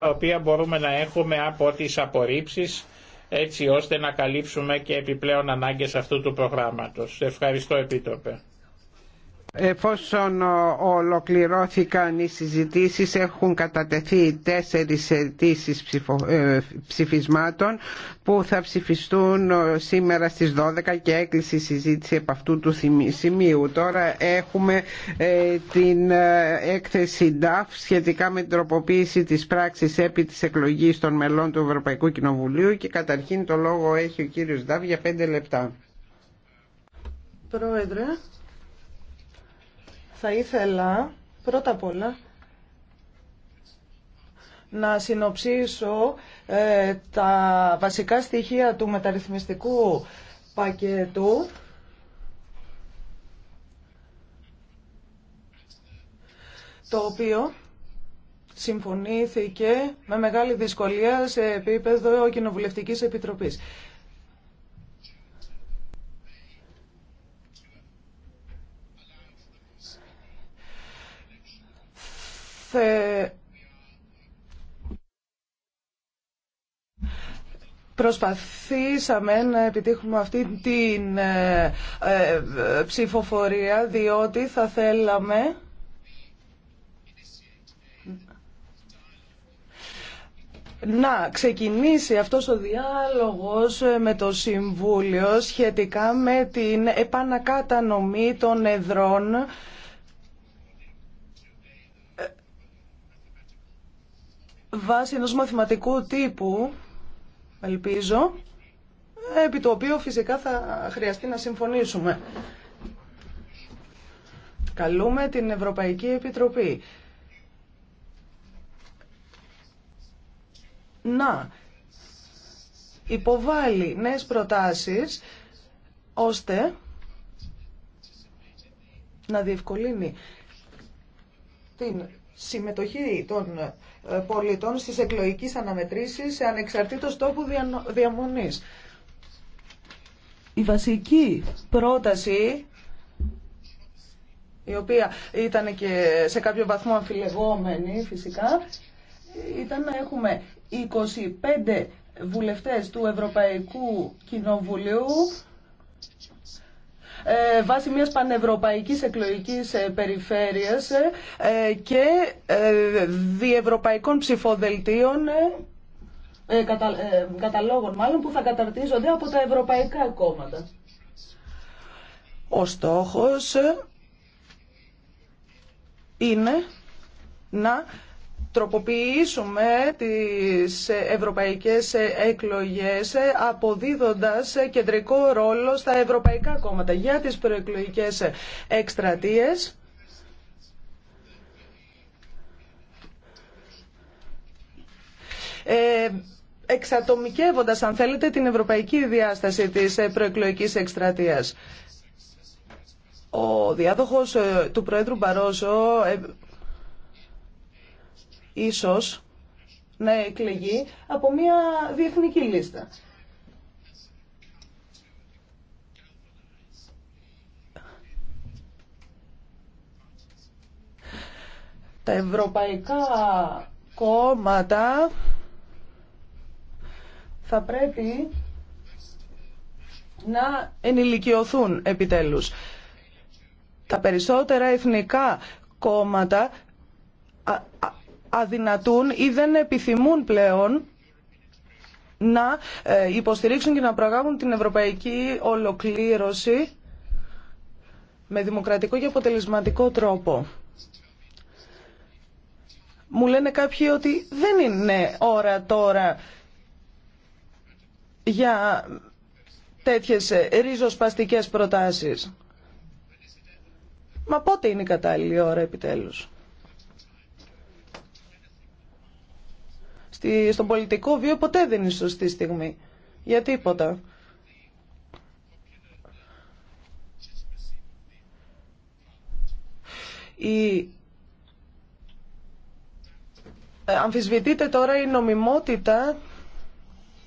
τα οποία μπορούμε να έχουμε από τις απορρίψεις έτσι ώστε να καλύψουμε και επιπλέον ανάγκες αυτού του προγράμματος. Ευχαριστώ Επίτροπε. Εφόσον ολοκληρώθηκαν οι συζητήσεις έχουν κατατεθεί τέσσερις αιτήσει ε, ψηφισμάτων που θα ψηφιστούν ε, σήμερα στις 12 και έκλεισε η συζήτηση από αυτού του σημείου. Τώρα έχουμε ε, την έκθεση DAF σχετικά με την τροποποίηση της πράξης επί της εκλογής των μελών του Ευρωπαϊκού Κοινοβουλίου και καταρχήν το λόγο έχει ο κύριος DAF για 5 λεπτά. Πρόεδρε, θα ήθελα πρώτα απ' όλα να συνοψίσω ε, τα βασικά στοιχεία του μεταρρυθμιστικού πακέτου το οποίο συμφωνήθηκε με μεγάλη δυσκολία σε επίπεδο Κοινοβουλευτικής Επιτροπής. Προσπαθήσαμε να επιτύχουμε αυτή την ε, ε, ψηφοφορία διότι θα θέλαμε να ξεκινήσει αυτός ο διάλογος με το Συμβούλιο σχετικά με την επανακατανομή των εδρών βάσει ενός μαθηματικού τύπου, ελπίζω, επί το οποίο φυσικά θα χρειαστεί να συμφωνήσουμε. Καλούμε την Ευρωπαϊκή Επιτροπή να υποβάλει νέες προτάσεις ώστε να διευκολύνει την συμμετοχή των πολιτών στις εκλογικές αναμετρήσεις σε ανεξαρτήτως τόπου διαμονής. Η βασική πρόταση η οποία ήταν και σε κάποιο βαθμό αμφιλεγόμενη φυσικά, ήταν να έχουμε 25 βουλευτές του Ευρωπαϊκού Κοινοβουλίου ε, βάσει μιας πανευρωπαϊκής εκλογικής ε, περιφέρειας ε, και διευρωπαϊκών ψηφοδελτίων καταλόγων μάλλον που θα καταρτίζονται από τα ευρωπαϊκά κόμματα. Ο στόχος είναι να τροποποιήσουμε τις ευρωπαϊκές εκλογές αποδίδοντας κεντρικό ρόλο στα ευρωπαϊκά κόμματα για τις προεκλογικές εκστρατείες. Ε, εξατομικεύοντας, αν θέλετε, την ευρωπαϊκή διάσταση της προεκλογικής εκστρατείας. Ο διάδοχος ε, του Πρόεδρου Μπαρόσο ε, ίσως να εκλεγεί από μια διεθνική λίστα. Τα ευρωπαϊκά κόμματα θα πρέπει να ενηλικιωθούν επιτέλους. Τα περισσότερα εθνικά κόμματα αδυνατούν ή δεν επιθυμούν πλέον να ε, υποστηρίξουν και να προαγάγουν την ευρωπαϊκή ολοκλήρωση με δημοκρατικό και αποτελεσματικό τρόπο. Μου λένε κάποιοι ότι δεν είναι ώρα τώρα για τέτοιες ε, ρίζοσπαστικές προτάσεις. Μα πότε είναι η κατάλληλη ώρα επιτέλους. στη, στον πολιτικό βίο ποτέ δεν είναι σωστή στιγμή. Για τίποτα. Η... Ε, αμφισβητείται τώρα η νομιμότητα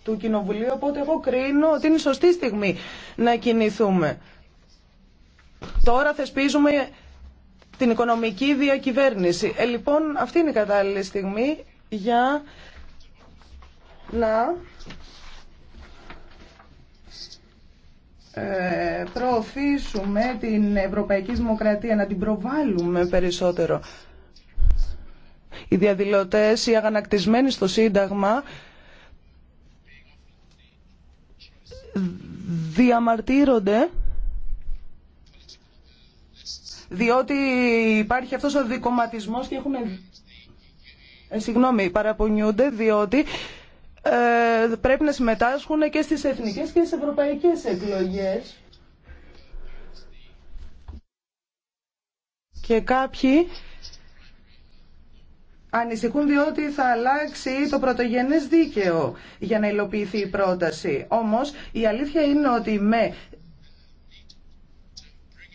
του Κοινοβουλίου, οπότε εγώ κρίνω ότι είναι σωστή στιγμή να κινηθούμε. Τώρα θεσπίζουμε την οικονομική διακυβέρνηση. Ε, λοιπόν, αυτή είναι η κατάλληλη στιγμή για να ε, προωθήσουμε την ευρωπαϊκή δημοκρατία, να την προβάλλουμε περισσότερο. Οι διαδηλωτές, οι αγανακτισμένοι στο Σύνταγμα διαμαρτύρονται διότι υπάρχει αυτός ο δικοματισμός και έχουν... Ε, συγγνώμη, παραπονιούνται διότι ε, πρέπει να συμμετάσχουν και στις εθνικές και στις ευρωπαϊκές εκλογές. Και κάποιοι ανησυχούν διότι θα αλλάξει το πρωτογενές δίκαιο για να υλοποιηθεί η πρόταση. Όμως η αλήθεια είναι ότι με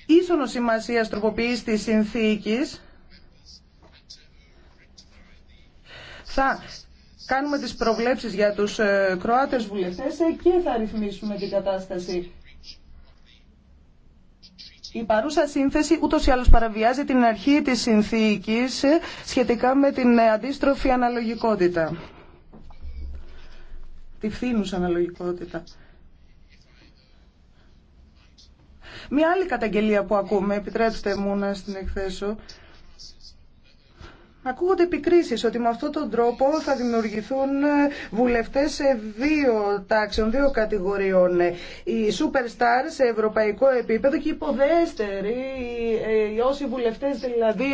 ίσονο σημασία τροποποίηση της συνθήκης θα κάνουμε τις προβλέψεις για τους ε, Κροάτες βουλευτές ε, και θα ρυθμίσουμε την κατάσταση. Η παρούσα σύνθεση ούτως ή άλλως παραβιάζει την αρχή της συνθήκης ε, σχετικά με την αντίστροφη αναλογικότητα. Τη φθήνους αναλογικότητα. Μια άλλη καταγγελία που ακούμε, επιτρέψτε μου να στην εκθέσω, Ακούγονται επικρίσεις ότι με αυτόν τον τρόπο θα δημιουργηθούν ε, βουλευτές σε δύο τάξεων, δύο κατηγοριών. Ε, οι στάρ σε ευρωπαϊκό επίπεδο και οι υποδέστεροι, ε, οι όσοι βουλευτές δηλαδή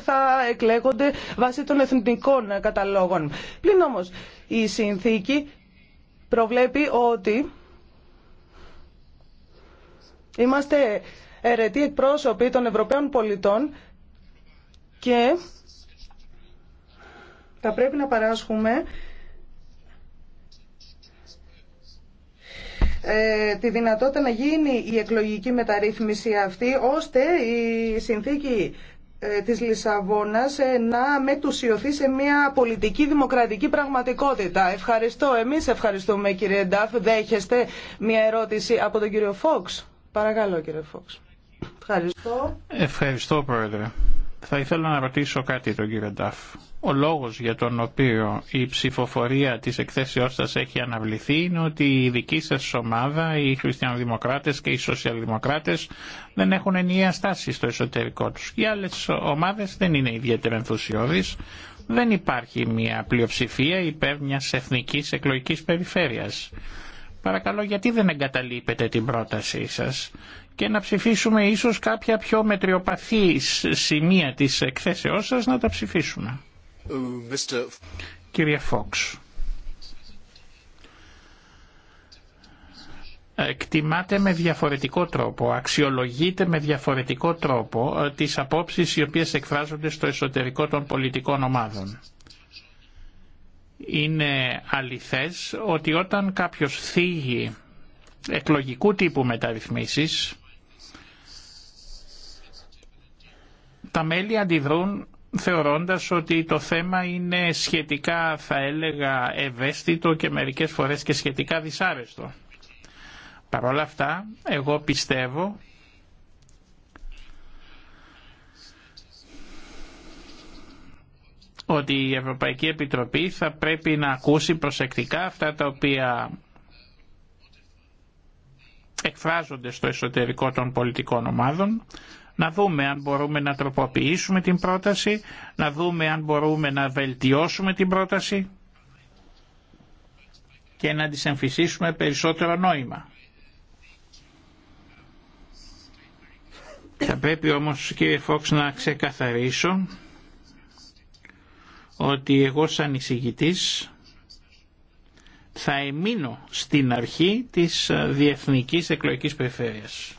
θα εκλέγονται βάσει των εθνικών καταλόγων. Πλην όμως η συνθήκη προβλέπει ότι είμαστε αιρετοί εκπρόσωποι των Ευρωπαίων πολιτών και θα πρέπει να παράσχουμε ε, τη δυνατότητα να γίνει η εκλογική μεταρρύθμιση αυτή, ώστε η συνθήκη ε, της Λισαβόνας ε, να μετουσιωθεί σε μια πολιτική δημοκρατική πραγματικότητα. Ευχαριστώ. Εμείς ευχαριστούμε κύριε Ντάφ. Δέχεστε μια ερώτηση από τον κύριο Φόξ. Παρακαλώ κύριε Φόξ. Ευχαριστώ. Ευχαριστώ πρόεδρε. Θα ήθελα να ρωτήσω κάτι τον κύριο Ντάφ. Ο λόγος για τον οποίο η ψηφοφορία της εκθέσεώς σας έχει αναβληθεί είναι ότι η δική σας ομάδα, οι χριστιανοδημοκράτες και οι σοσιαλδημοκράτες δεν έχουν ενιαία στάση στο εσωτερικό τους. Οι άλλες ομάδες δεν είναι ιδιαίτερα ενθουσιώδεις. Δεν υπάρχει μια πλειοψηφία υπέρ μιας εθνικής εκλογικής περιφέρειας. Παρακαλώ γιατί δεν εγκαταλείπετε την πρότασή σας και να ψηφίσουμε ίσως κάποια πιο μετριοπαθή σημεία της εκθέσεώς σας να τα ψηφίσουμε. Κύριε Φόξ, εκτιμάτε με διαφορετικό τρόπο, αξιολογείτε με διαφορετικό τρόπο ε, τις απόψεις οι οποίες εκφράζονται στο εσωτερικό των πολιτικών ομάδων. Είναι αληθές ότι όταν κάποιος θίγει εκλογικού τύπου μεταρρυθμίσεις, τα μέλη αντιδρούν θεωρώντας ότι το θέμα είναι σχετικά θα έλεγα ευαίσθητο και μερικές φορές και σχετικά δυσάρεστο. Παρ' όλα αυτά, εγώ πιστεύω ότι η Ευρωπαϊκή Επιτροπή θα πρέπει να ακούσει προσεκτικά αυτά τα οποία εκφράζονται στο εσωτερικό των πολιτικών ομάδων να δούμε αν μπορούμε να τροποποιήσουμε την πρόταση, να δούμε αν μπορούμε να βελτιώσουμε την πρόταση και να της εμφυσίσουμε περισσότερο νόημα. Θα πρέπει όμως κύριε Φόξ να ξεκαθαρίσω ότι εγώ σαν εισηγητής θα εμείνω στην αρχή της Διεθνικής Εκλογικής Περιφέρειας.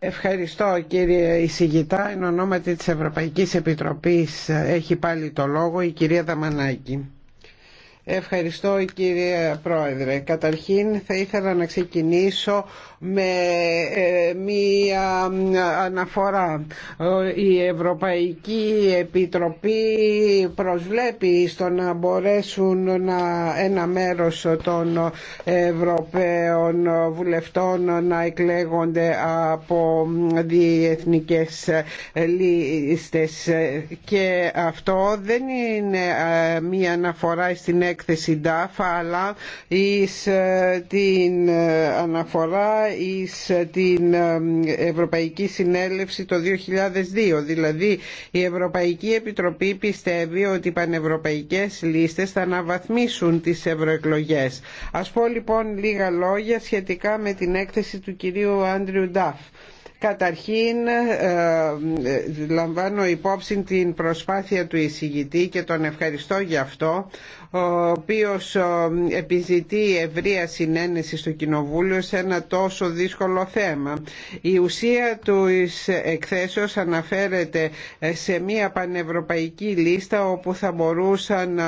Ευχαριστώ κύριε Ισηγητά. Εν ονόματι της Ευρωπαϊκής Επιτροπής ε, έχει πάλι το λόγο η κυρία Δαμανάκη. Ευχαριστώ κύριε Πρόεδρε. Καταρχήν θα ήθελα να ξεκινήσω με ε, μία αναφορά. Η Ευρωπαϊκή Επιτροπή προσβλέπει στο να μπορέσουν να, ένα μέρος των Ευρωπαίων βουλευτών να εκλέγονται από διεθνικές λίστες και αυτό δεν είναι ε, μία αναφορά στην έκθεση αλλά εις ε, την ε, αναφορά εις ε, την Ευρωπαϊκή Συνέλευση το 2002. Δηλαδή η Ευρωπαϊκή Επιτροπή πιστεύει ότι οι πανευρωπαϊκές λίστες θα αναβαθμίσουν τις ευρωεκλογέ. Ας πω λοιπόν λίγα λόγια σχετικά με την έκθεση του κυρίου Άντριου Νταφ. Καταρχήν λαμβάνω υπόψη την προσπάθεια του εισηγητή και τον ευχαριστώ για αυτό ο οποίος επιζητεί ευρεία συνένεση στο Κοινοβούλιο σε ένα τόσο δύσκολο θέμα. Η ουσία του εκθέσεως αναφέρεται ε, σε μια πανευρωπαϊκή λίστα όπου θα μπορούσαν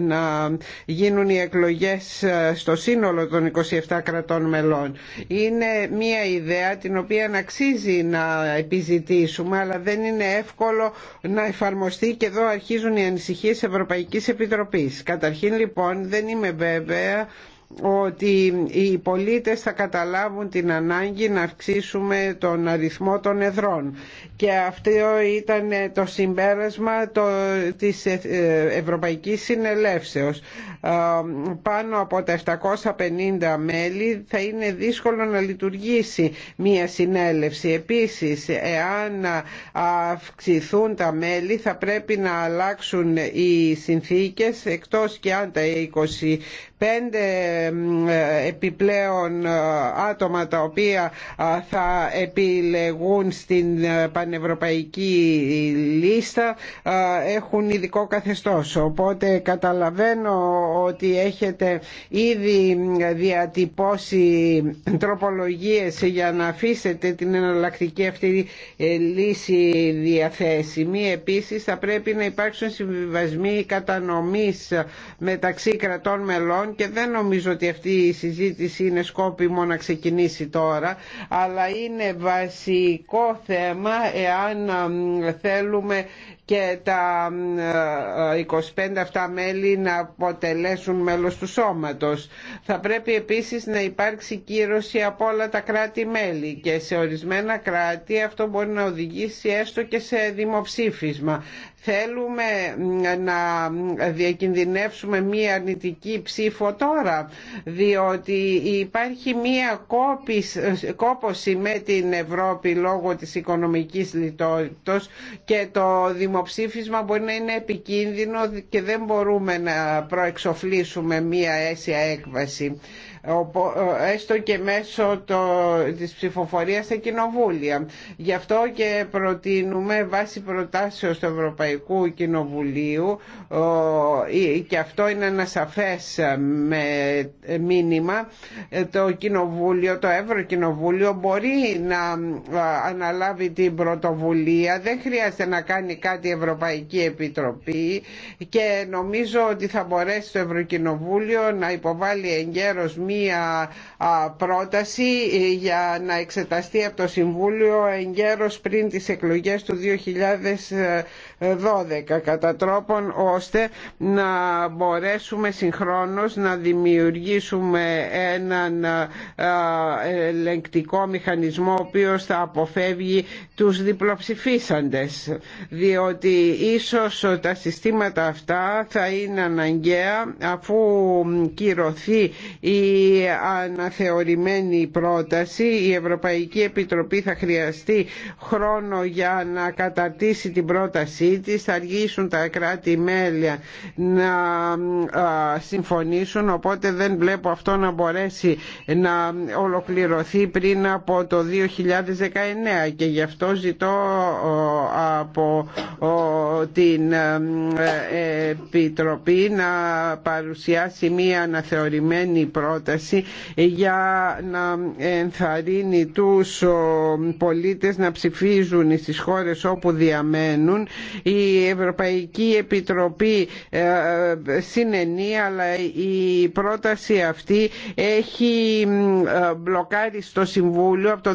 να γίνουν οι εκλογές ε, στο σύνολο των 27 κρατών μελών. Είναι μια ιδέα την οποία αξίζει να επιζητήσουμε αλλά δεν είναι εύκολο να εφαρμοστεί και εδώ αρχίζουν οι ανησυχίες Ευρωπαϊκής Επιτροπής. Καταρχήν λοιπόν δεν είμαι βέβαια ότι οι πολίτες θα καταλάβουν την ανάγκη να αυξήσουμε τον αριθμό των εδρών και αυτό ήταν το συμπέρασμα το, της ε, Ευρωπαϊκής Συνελεύσεως πάνω από τα 750 μέλη θα είναι δύσκολο να λειτουργήσει μία συνέλευση επίσης εάν αυξηθούν τα μέλη θα πρέπει να αλλάξουν οι συνθήκες εκτός και αν τα 25 επιπλέον ε, άτομα τα οποία ε, θα επιλεγούν στην ε, πανευρωπαϊκή λίστα έχουν ειδικό καθεστώς. Οπότε καταλαβαίνω ότι έχετε ήδη διατυπώσει τροπολογίες για να αφήσετε την εναλλακτική αυτή λύση διαθέσιμη. Επίσης θα πρέπει να υπάρξουν συμβιβασμοί κατανομής μεταξύ κρατών μελών και δεν νομίζω ότι αυτή η συζήτηση είναι σκόπιμο να ξεκινήσει τώρα, αλλά είναι βασικό θέμα εάν θέλουμε και τα 25 αυτά μέλη να αποτελέσουν μέλος του σώματος. Θα πρέπει επίσης να υπάρξει κύρωση από όλα τα κράτη-μέλη και σε ορισμένα κράτη αυτό μπορεί να οδηγήσει έστω και σε δημοψήφισμα. Θέλουμε να διακινδυνεύσουμε μία αρνητική ψήφο τώρα, διότι υπάρχει μία κόποση με την Ευρώπη λόγω της οικονομικής λιτότητας και το δημοψήφισμα μπορεί να είναι επικίνδυνο και δεν μπορούμε να προεξοφλήσουμε μία αίσια έκβαση. Ε, έστω και μέσω το, της ψηφοφορίας στα κοινοβούλια. Γι' αυτό και προτείνουμε βάσει προτάσεως του Ευρωπαϊκού Κοινοβουλίου και αυτό είναι ένα σαφές ε, με ε, μήνυμα το Κοινοβούλιο, το Ευρωκοινοβούλιο μπορεί να αναλάβει την πρωτοβουλία δεν χρειάζεται να κάνει κάτι η Ευρωπαϊκή Επιτροπή και νομίζω ότι θα μπορέσει το Ευρωκοινοβούλιο να υποβάλει εγκαίρως μία πρόταση ε, για να εξεταστεί από το Συμβούλιο εγκαίρως πριν τις εκλογές του 2000. 12 κατά τρόπον ώστε να μπορέσουμε συγχρόνως να δημιουργήσουμε έναν ελεγκτικό μηχανισμό ο οποίος θα αποφεύγει τους διπλοψηφίσαντες διότι ίσως τα συστήματα αυτά θα είναι αναγκαία αφού κυρωθεί η αναθεωρημένη πρόταση η Ευρωπαϊκή Επιτροπή θα χρειαστεί χρόνο για να καταρτήσει την πρόταση της θα αργήσουν τα κρατη μελια να συμφωνήσουν, οπότε δεν βλέπω αυτό να μπορέσει να ολοκληρωθεί πριν από το 2019 και γι' αυτό ζητώ από την ε, Επιτροπή να παρουσιάσει μία αναθεωρημένη πρόταση για να ενθαρρύνει τους πολίτες να ψηφίζουν στις χώρες όπου διαμένουν η Ευρωπαϊκή Επιτροπή ε, συνενεί αλλά η πρόταση αυτή έχει ε, μπλοκάρει στο Συμβούλιο από το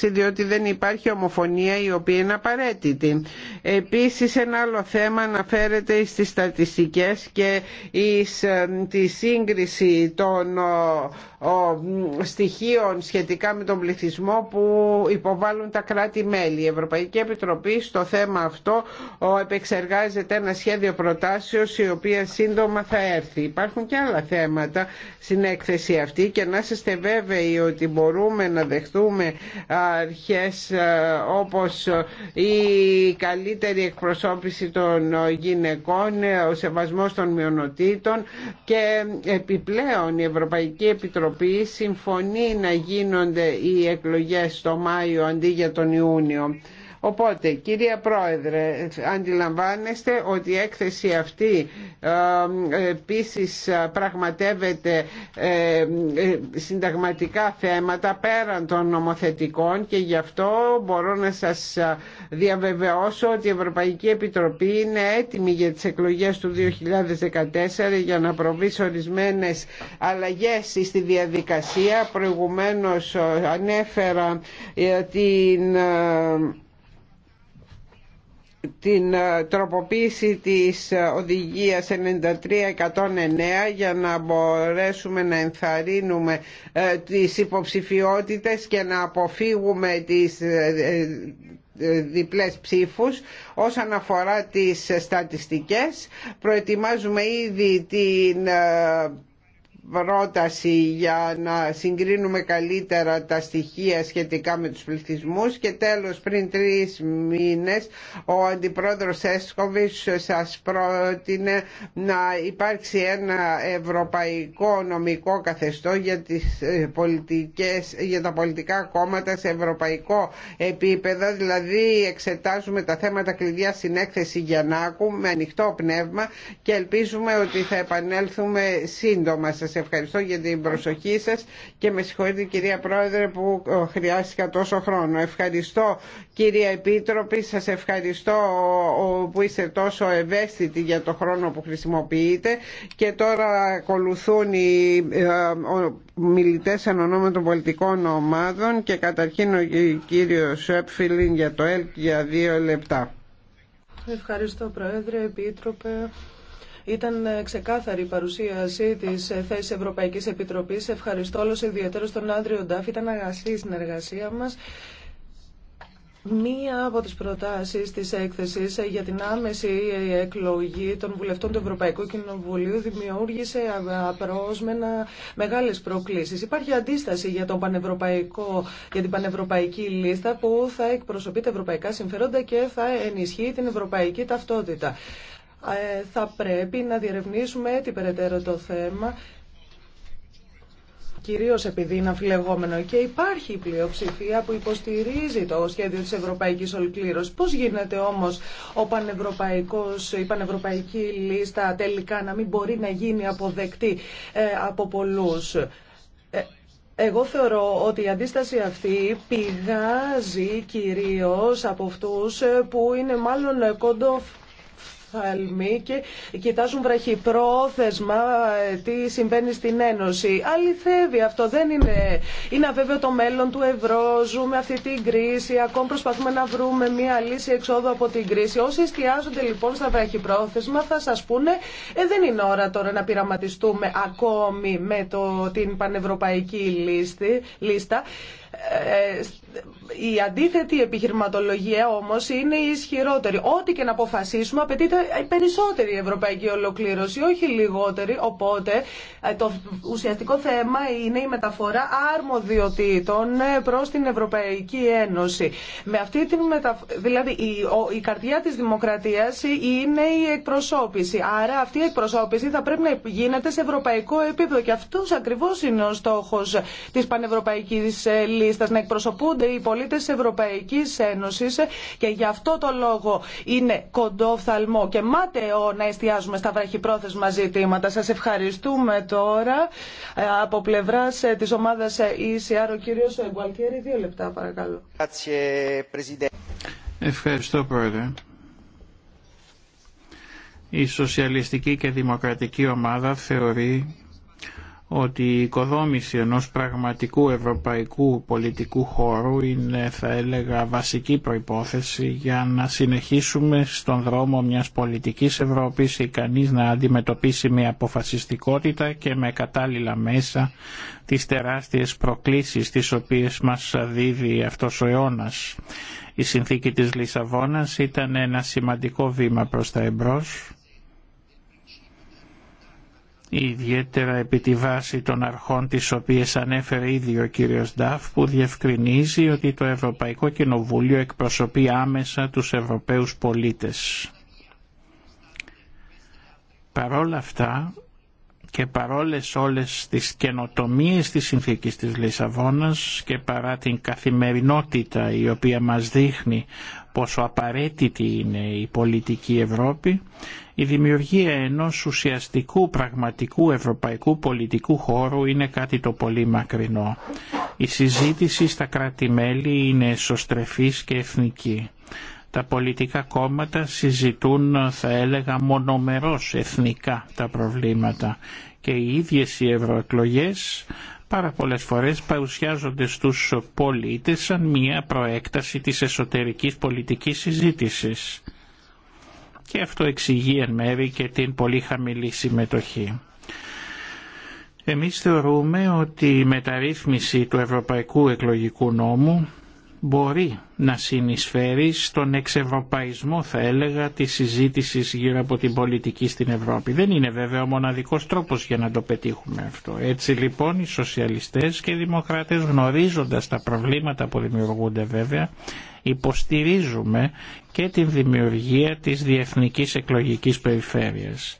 2006 διότι δεν υπάρχει ομοφωνία η οποία είναι απαραίτητη. Επίσης ένα άλλο θέμα αναφέρεται στις στατιστικές και στη ε, τη σύγκριση των στοιχείων σχετικά με τον πληθυσμό που υποβάλλουν τα κράτη-μέλη. Η Ευρωπαϊκή Επιτροπή στο θέμα αυτό επεξεργάζεται ένα σχέδιο προτάσεως η οποία σύντομα θα έρθει. Υπάρχουν και άλλα θέματα στην έκθεση αυτή και να είστε βέβαιοι ότι μπορούμε να δεχτούμε αρχές ε, όπως η καλύτερη εκπροσώπηση των γυναικών, ο σεβασμός των μειονοτήτων και επιπλέον η Ευρωπαϊκή Επιτροπή Επιτροπή συμφωνεί να γίνονται οι εκλογές το Μάιο αντί για τον Ιούνιο. Οπότε, κυρία Πρόεδρε, αντιλαμβάνεστε ότι η έκθεση αυτή ε, επίση πραγματεύεται ε, ε, συνταγματικά θέματα πέραν των νομοθετικών και γι' αυτό μπορώ να σας διαβεβαιώσω ότι η Ευρωπαϊκή Επιτροπή είναι έτοιμη για τις εκλογές του 2014 για να προβεί σε ορισμένες αλλαγές στη διαδικασία. Προηγουμένως ανέφερα την την ε, τροποποίηση της ε, οδηγίας 93-109 για να μπορέσουμε να ενθαρρύνουμε ε, τις υποψηφιότητες και να αποφύγουμε τις διπλές ψήφους όσον αφορά τις στατιστικές προετοιμάζουμε ήδη την πρόταση για να συγκρίνουμε καλύτερα τα στοιχεία σχετικά με τους πληθυσμούς και τέλος πριν τρεις μήνες ο Αντιπρόεδρος Έσκοβης σας πρότεινε να υπάρξει ένα ευρωπαϊκό νομικό καθεστώ για, τις ε, πολιτικές, για τα πολιτικά κόμματα σε ευρωπαϊκό επίπεδο δηλαδή εξετάζουμε τα θέματα κλειδιά στην έκθεση Γιαννάκου με ανοιχτό πνεύμα και ελπίζουμε ότι θα επανέλθουμε σύντομα σας σας ευχαριστώ για την προσοχή σας και με συγχωρείτε κυρία Πρόεδρε που ε, χρειάστηκα τόσο χρόνο. Ευχαριστώ κυρία Επίτροπη, σας ευχαριστώ που είστε τόσο ευαίσθητοι για το χρόνο που χρησιμοποιείτε και τώρα ακολουθούν οι ε, μιλητές εν των πολιτικών ομάδων και καταρχήν ο κύριος Σέπφιλιν για το ΕΛΚ για δύο λεπτά. Ευχαριστώ Πρόεδρε, Επίτροπε. Ήταν ε, ξεκάθαρη η παρουσίαση τη ε, θέση Ευρωπαϊκή Επιτροπή. Ευχαριστώ όλου ιδιαίτερα τον Άντριο Ντάφ. Ήταν αγαστή η συνεργασία μα. Μία από τις προτάσεις της έκθεσης ε, για την άμεση εκλογή των βουλευτών του Ευρωπαϊκού Κοινοβουλίου δημιούργησε απρόσμενα μεγάλες προκλήσεις. Υπάρχει αντίσταση για, τον πανευρωπαϊκό, για την πανευρωπαϊκή λίστα που θα εκπροσωπεί τα ευρωπαϊκά συμφέροντα και θα ενισχύει την ευρωπαϊκή ταυτότητα. Ε, θα πρέπει να διερευνήσουμε την περαιτέρω το θέμα κυρίως επειδή είναι αμφιλεγόμενο και υπάρχει η πλειοψηφία που υποστηρίζει το σχέδιο της Ευρωπαϊκής Ολκλήρωσης. Πώς γίνεται όμως ο πανευρωπαϊκός, η πανευρωπαϊκή λίστα τελικά να μην μπορεί να γίνει αποδεκτή ε, από πολλούς. Ε, εγώ θεωρώ ότι η αντίσταση αυτή πηγάζει κυρίως από αυτούς που είναι μάλλον κοντόφ οφθαλμοί και κοιτάζουν βραχυπρόθεσμα ε, τι συμβαίνει στην Ένωση. Αληθεύει αυτό. Δεν είναι, είναι αβέβαιο το μέλλον του ευρώ. Ζούμε αυτή την κρίση. Ακόμη προσπαθούμε να βρούμε μια λύση εξόδου από την κρίση. Όσοι εστιάζονται λοιπόν στα βραχυπρόθεσμα θα σας πούνε ε, δεν είναι ώρα τώρα να πειραματιστούμε ακόμη με το, την πανευρωπαϊκή λίστη, λίστα. Ε, ε, ε, η αντίθετη επιχειρηματολογία όμως είναι η ισχυρότερη. Ό,τι και να αποφασίσουμε απαιτείται περισσότερη ευρωπαϊκή ολοκλήρωση, όχι λιγότερη. Οπότε το ουσιαστικό θέμα είναι η μεταφορά αρμοδιοτήτων προς την Ευρωπαϊκή Ένωση. Με αυτή την Δηλαδή η, καρδιά της δημοκρατίας είναι η εκπροσώπηση. Άρα αυτή η εκπροσώπηση θα πρέπει να γίνεται σε ευρωπαϊκό επίπεδο και αυτός ακριβώς είναι ο στόχος της πανευρωπαϊκής λίστας, να εκπροσωπούνται οι πολίτε της Ευρωπαϊκής Ένωσης και γι' αυτό το λόγο είναι κοντόφθαλμο και μάταιο να εστιάζουμε στα βραχυπρόθεσμα ζητήματα. Σας ευχαριστούμε τώρα ε, από πλευρά ε, της ομαδα ε, ECR, ο κυριο Γκουαλτιέρη, δύο λεπτά παρακαλώ. Ευχαριστώ πρόεδρε. Η σοσιαλιστική και δημοκρατική ομάδα θεωρεί ότι η οικοδόμηση ενός πραγματικού ευρωπαϊκού πολιτικού χώρου είναι θα έλεγα βασική προϋπόθεση για να συνεχίσουμε στον δρόμο μιας πολιτικής Ευρώπης ικανής να αντιμετωπίσει με αποφασιστικότητα και με κατάλληλα μέσα τις τεράστιες προκλήσεις τις οποίες μας δίδει αυτός ο αιώνας. Η συνθήκη της Λισαβόνας ήταν ένα σημαντικό βήμα προς τα εμπρός ιδιαίτερα επί τη βάση των αρχών τις οποίες ανέφερε ήδη ο κύριος Νταφ που διευκρινίζει ότι το Ευρωπαϊκό Κοινοβούλιο εκπροσωπεί άμεσα τους Ευρωπαίους πολίτες. Παρόλα αυτά και παρόλες όλες τις καινοτομίες της συνθήκης της Λισαβόνας και παρά την καθημερινότητα η οποία μας δείχνει πόσο απαραίτητη είναι η πολιτική Ευρώπη, η δημιουργία ενός ουσιαστικού πραγματικού ευρωπαϊκού πολιτικού χώρου είναι κάτι το πολύ μακρινό. Η συζήτηση στα κράτη-μέλη είναι εσωστρεφής και εθνική. Τα πολιτικά κόμματα συζητούν, θα έλεγα, μονομερώς εθνικά τα προβλήματα και οι ίδιες οι ευρωεκλογές πάρα πολλές φορές παρουσιάζονται στους πολίτες σαν μία προέκταση της εσωτερικής πολιτικής συζήτησης και αυτό εξηγεί εν μέρη και την πολύ χαμηλή συμμετοχή. Εμείς θεωρούμε ότι η μεταρρύθμιση του Ευρωπαϊκού Εκλογικού Νόμου μπορεί να συνεισφέρει στον εξευρωπαϊσμό θα έλεγα τη συζήτηση γύρω από την πολιτική στην Ευρώπη. Δεν είναι βέβαια ο μοναδικός τρόπος για να το πετύχουμε αυτό. Έτσι λοιπόν οι σοσιαλιστές και οι δημοκράτες γνωρίζοντας τα προβλήματα που δημιουργούνται βέβαια Υποστηρίζουμε και την δημιουργία της Διεθνικής Εκλογικής Περιφέρειας.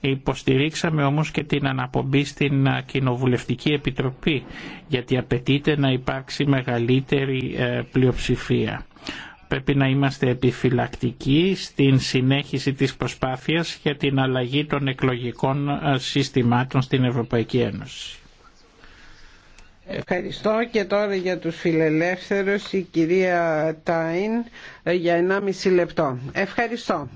Υποστηρίξαμε όμως και την αναπομπή στην Κοινοβουλευτική Επιτροπή γιατί απαιτείται να υπάρξει μεγαλύτερη ε, πλειοψηφία. Πρέπει να είμαστε επιφυλακτικοί στην συνέχιση της προσπάθειας για την αλλαγή των εκλογικών ε, συστημάτων στην Ευρωπαϊκή Ένωση. Ευχαριστώ και τώρα για τους φιλελεύθερους η κυρία Τάιν ε, για 1,5 λεπτό. Ευχαριστώ.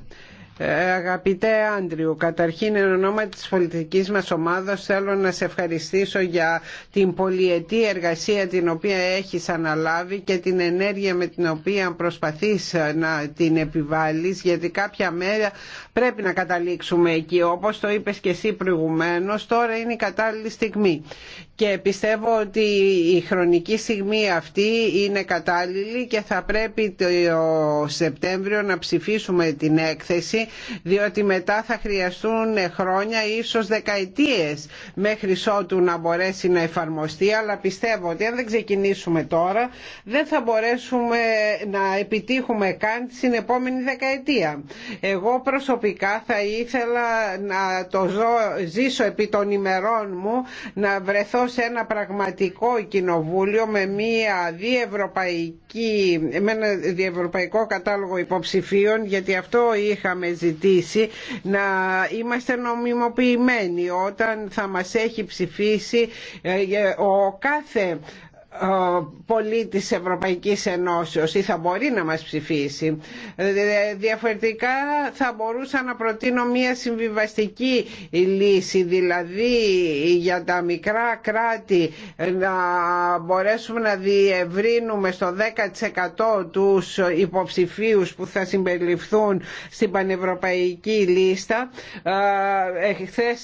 Ε, αγαπητέ Άντριου, καταρχήν εν ονόμα της πολιτικής μας ομάδας θέλω να σε ευχαριστήσω για την πολυετή εργασία την οποία έχεις αναλάβει και την ενέργεια με την οποία προσπαθείς να την επιβάλλεις γιατί κάποια μέρα Πρέπει να καταλήξουμε εκεί. Όπως το είπες και εσύ προηγουμένως, τώρα είναι η κατάλληλη στιγμή. Και πιστεύω ότι η χρονική στιγμή αυτή είναι κατάλληλη και θα πρέπει το Σεπτέμβριο να ψηφίσουμε την έκθεση διότι μετά θα χρειαστούν χρόνια ίσως δεκαετίες μέχρι ότου να μπορέσει να εφαρμοστεί αλλά πιστεύω ότι αν δεν ξεκινήσουμε τώρα δεν θα μπορέσουμε να επιτύχουμε καν στην επόμενη δεκαετία. Εγώ προσωπικά προσωπικά θα ήθελα να το ζήσω επί των ημερών μου να βρεθώ σε ένα πραγματικό κοινοβούλιο με μια διευρωπαϊκή με ένα διευρωπαϊκό κατάλογο υποψηφίων γιατί αυτό είχαμε ζητήσει να είμαστε νομιμοποιημένοι όταν θα μας έχει ψηφίσει ε, ο κάθε ε, πολίτης Ευρωπαϊκής Ενώσεως ή θα μπορεί να μας ψηφίσει. Ε, διαφορετικά θα μπορούσα να προτείνω μια συμβιβαστική λύση, δηλαδή για τα μικρά κράτη να μπορέσουμε να διευρύνουμε στο 10% τους υποψηφίους που θα συμπεριληφθούν στην πανευρωπαϊκή λίστα. Ε, Χθε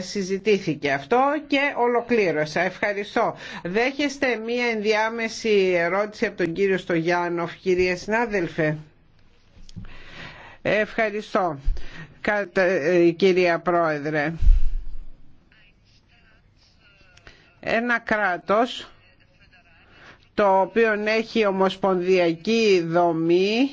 συζητήθηκε αυτό και ολοκλήρωσα. Ευχαριστώ. Δέχεστε μια μια ενδιάμεση ερώτηση από τον κύριο Στογιάννοφ. Κυρία συνάδελφε, ευχαριστώ ε, κυρία Πρόεδρε. Ένα κράτος το οποίο έχει ομοσπονδιακή δομή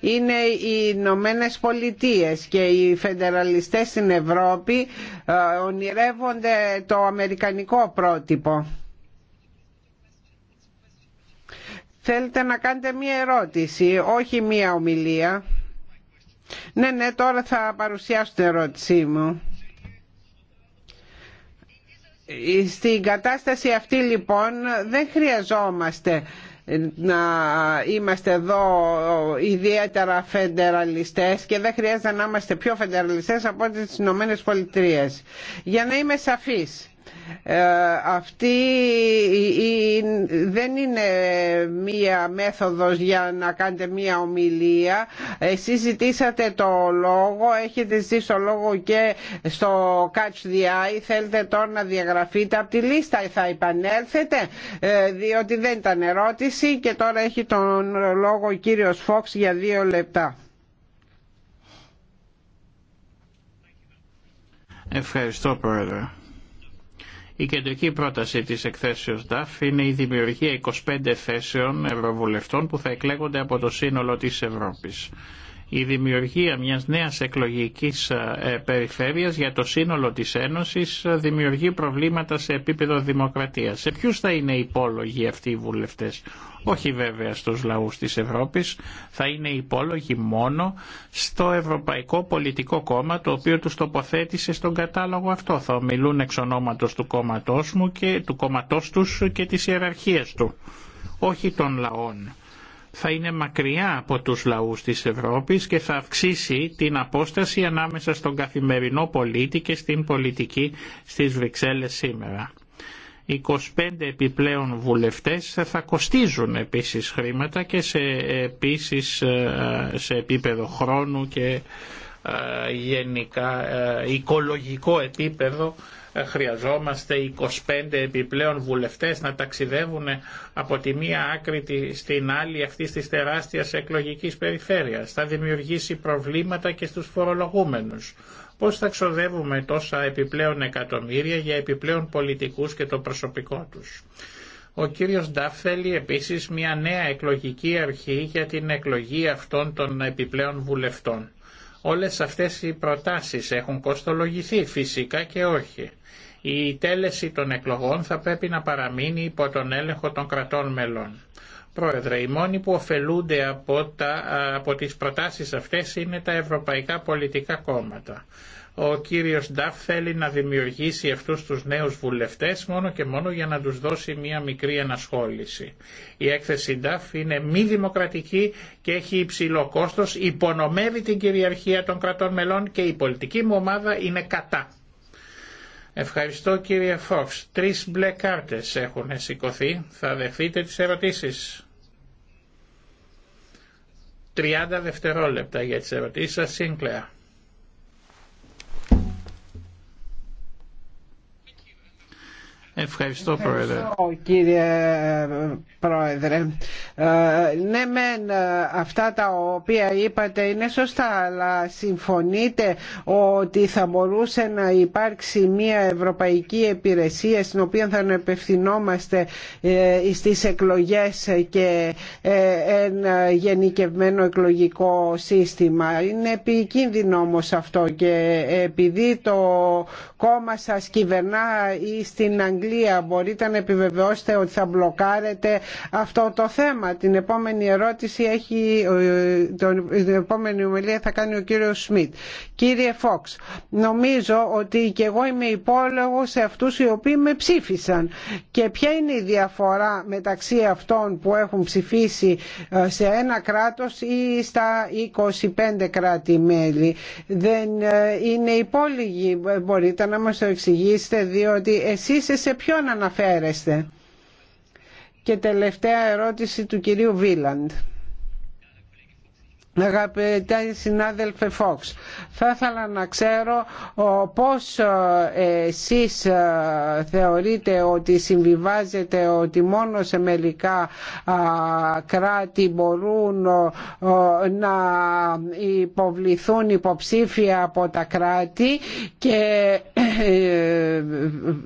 είναι οι Ηνωμένε Πολιτείε και οι φεντεραλιστές στην Ευρώπη ε, ονειρεύονται το αμερικανικό πρότυπο. Θέλετε να κάνετε μία ερώτηση, όχι μία ομιλία. Ναι, ναι, τώρα θα παρουσιάσω την ερώτησή μου. Στην κατάσταση αυτή λοιπόν δεν χρειαζόμαστε να είμαστε εδώ ιδιαίτερα φεντεραλιστές και δεν χρειάζεται να είμαστε πιο φεντεραλιστές από τις Ηνωμένες Πολιτείες. Για να είμαι σαφής, ε, αυτή δεν είναι μία μέθοδος για να κάνετε μία ομιλία. Ε, εσείς ζητήσατε το λόγο, έχετε ζητήσει το λόγο και στο Catch the Eye. Θέλετε τώρα να διαγραφείτε από τη λίστα θα επανέλθετε, ε, διότι δεν ήταν ερώτηση και τώρα έχει τον λόγο ο κύριος Φόξ για δύο λεπτά. Ευχαριστώ Πρόεδρε. Η κεντρική πρόταση της εκθέσεως ΔΑΦ είναι η δημιουργία 25 θέσεων ευρωβουλευτών που θα εκλέγονται από το σύνολο της Ευρώπης η δημιουργία μιας νέας εκλογικής ε, περιφέρειας για το σύνολο της Ένωσης ε, δημιουργεί προβλήματα σε επίπεδο δημοκρατίας. Σε ποιους θα είναι υπόλογοι αυτοί οι βουλευτές. Όχι βέβαια στους λαούς της Ευρώπης, θα είναι υπόλογοι μόνο στο Ευρωπαϊκό Πολιτικό Κόμμα το οποίο τους τοποθέτησε στον κατάλογο αυτό. Θα μιλούν εξ ονόματος του κόμματός μου και του κόμματός τους και της ιεραρχίας του, όχι των λαών θα είναι μακριά από τους λαούς της Ευρώπης και θα αυξήσει την απόσταση ανάμεσα στον καθημερινό πολίτη και στην πολιτική στις Βρυξέλλες σήμερα. 25 επιπλέον βουλευτές θα κοστίζουν επίσης χρήματα και σε, επίσης ε, σε επίπεδο χρόνου και ε, γενικά ε, οικολογικό επίπεδο ε, χρειαζόμαστε 25 επιπλέον βουλευτές να ταξιδεύουν από τη μία άκρη στην άλλη αυτή της τεράστιας εκλογικής περιφέρειας. Θα δημιουργήσει προβλήματα και στους φορολογούμενους. Πώς θα ξοδεύουμε τόσα επιπλέον εκατομμύρια για επιπλέον πολιτικούς και το προσωπικό τους. Ο κύριος Νταφ θέλει επίσης μια νέα εκλογική αρχή για την εκλογή αυτών των επιπλέον βουλευτών. Όλες αυτές οι προτάσεις έχουν κοστολογηθεί φυσικά και όχι. Η τέλεση των εκλογών θα πρέπει να παραμείνει υπό τον έλεγχο των κρατών μελών. Πρόεδρε, οι μόνοι που ωφελούνται από, από τις προτάσεις αυτές είναι τα ευρωπαϊκά πολιτικά κόμματα. Ο κύριος Νταφ θέλει να δημιουργήσει αυτούς τους νέους βουλευτές μόνο και μόνο για να τους δώσει μία μικρή ανασχόληση. Η έκθεση Νταφ είναι μη δημοκρατική και έχει υψηλό κόστος, υπονομεύει την κυριαρχία των κρατών μελών και η πολιτική μου ομάδα είναι κατά. Ευχαριστώ κύριε Φόξ. Τρεις μπλε κάρτες έχουν σηκωθεί. Θα δεχτείτε τις ερωτήσεις. 30 δευτερόλεπτα για τις ερωτήσεις σας, Σύγκλεα. Ευχαριστώ Πρόεδρε. Ευχαριστώ, κύριε ε, Πρόεδρε. Ε, ναι μεν ε, αυτά τα οποία είπατε είναι σωστά αλλά συμφωνείτε ότι θα μπορούσε να υπάρξει μια ευρωπαϊκή υπηρεσία στην οποία θα επευθυνόμαστε στις εκλογές και ένα γενικευμένο εκλογικό σύστημα. Είναι επικίνδυνο όμως αυτό και επειδή το κόμμα σας κυβερνά ή στην Αγγλία Αγγλία μπορείτε να επιβεβαιώσετε ότι θα μπλοκάρετε αυτό το θέμα. Την επόμενη ερώτηση έχει, ε, την επόμενη ομιλία θα κάνει ο κύριος Σμιτ. Κύριε Φόξ, νομίζω ότι και εγώ είμαι υπόλογο σε αυτούς οι οποίοι με ψήφισαν. Και ποια είναι η διαφορά μεταξύ αυτών που έχουν ψηφίσει ε, σε ένα κράτος ή στα 25 κράτη-μέλη. Δεν ε, είναι υπόλογοι, μπορείτε να μας το εξηγήσετε, διότι εσείς σε ποιον αναφέρεστε. Και τελευταία ερώτηση του κυρίου Βίλαντ. Αγαπητέ συνάδελφε Φόξ, θα ήθελα να ξέρω πώς εσείς θεωρείτε ότι συμβιβάζετε ότι μόνο σε μελικά κράτη μπορούν να υποβληθούν υποψήφια από τα κράτη και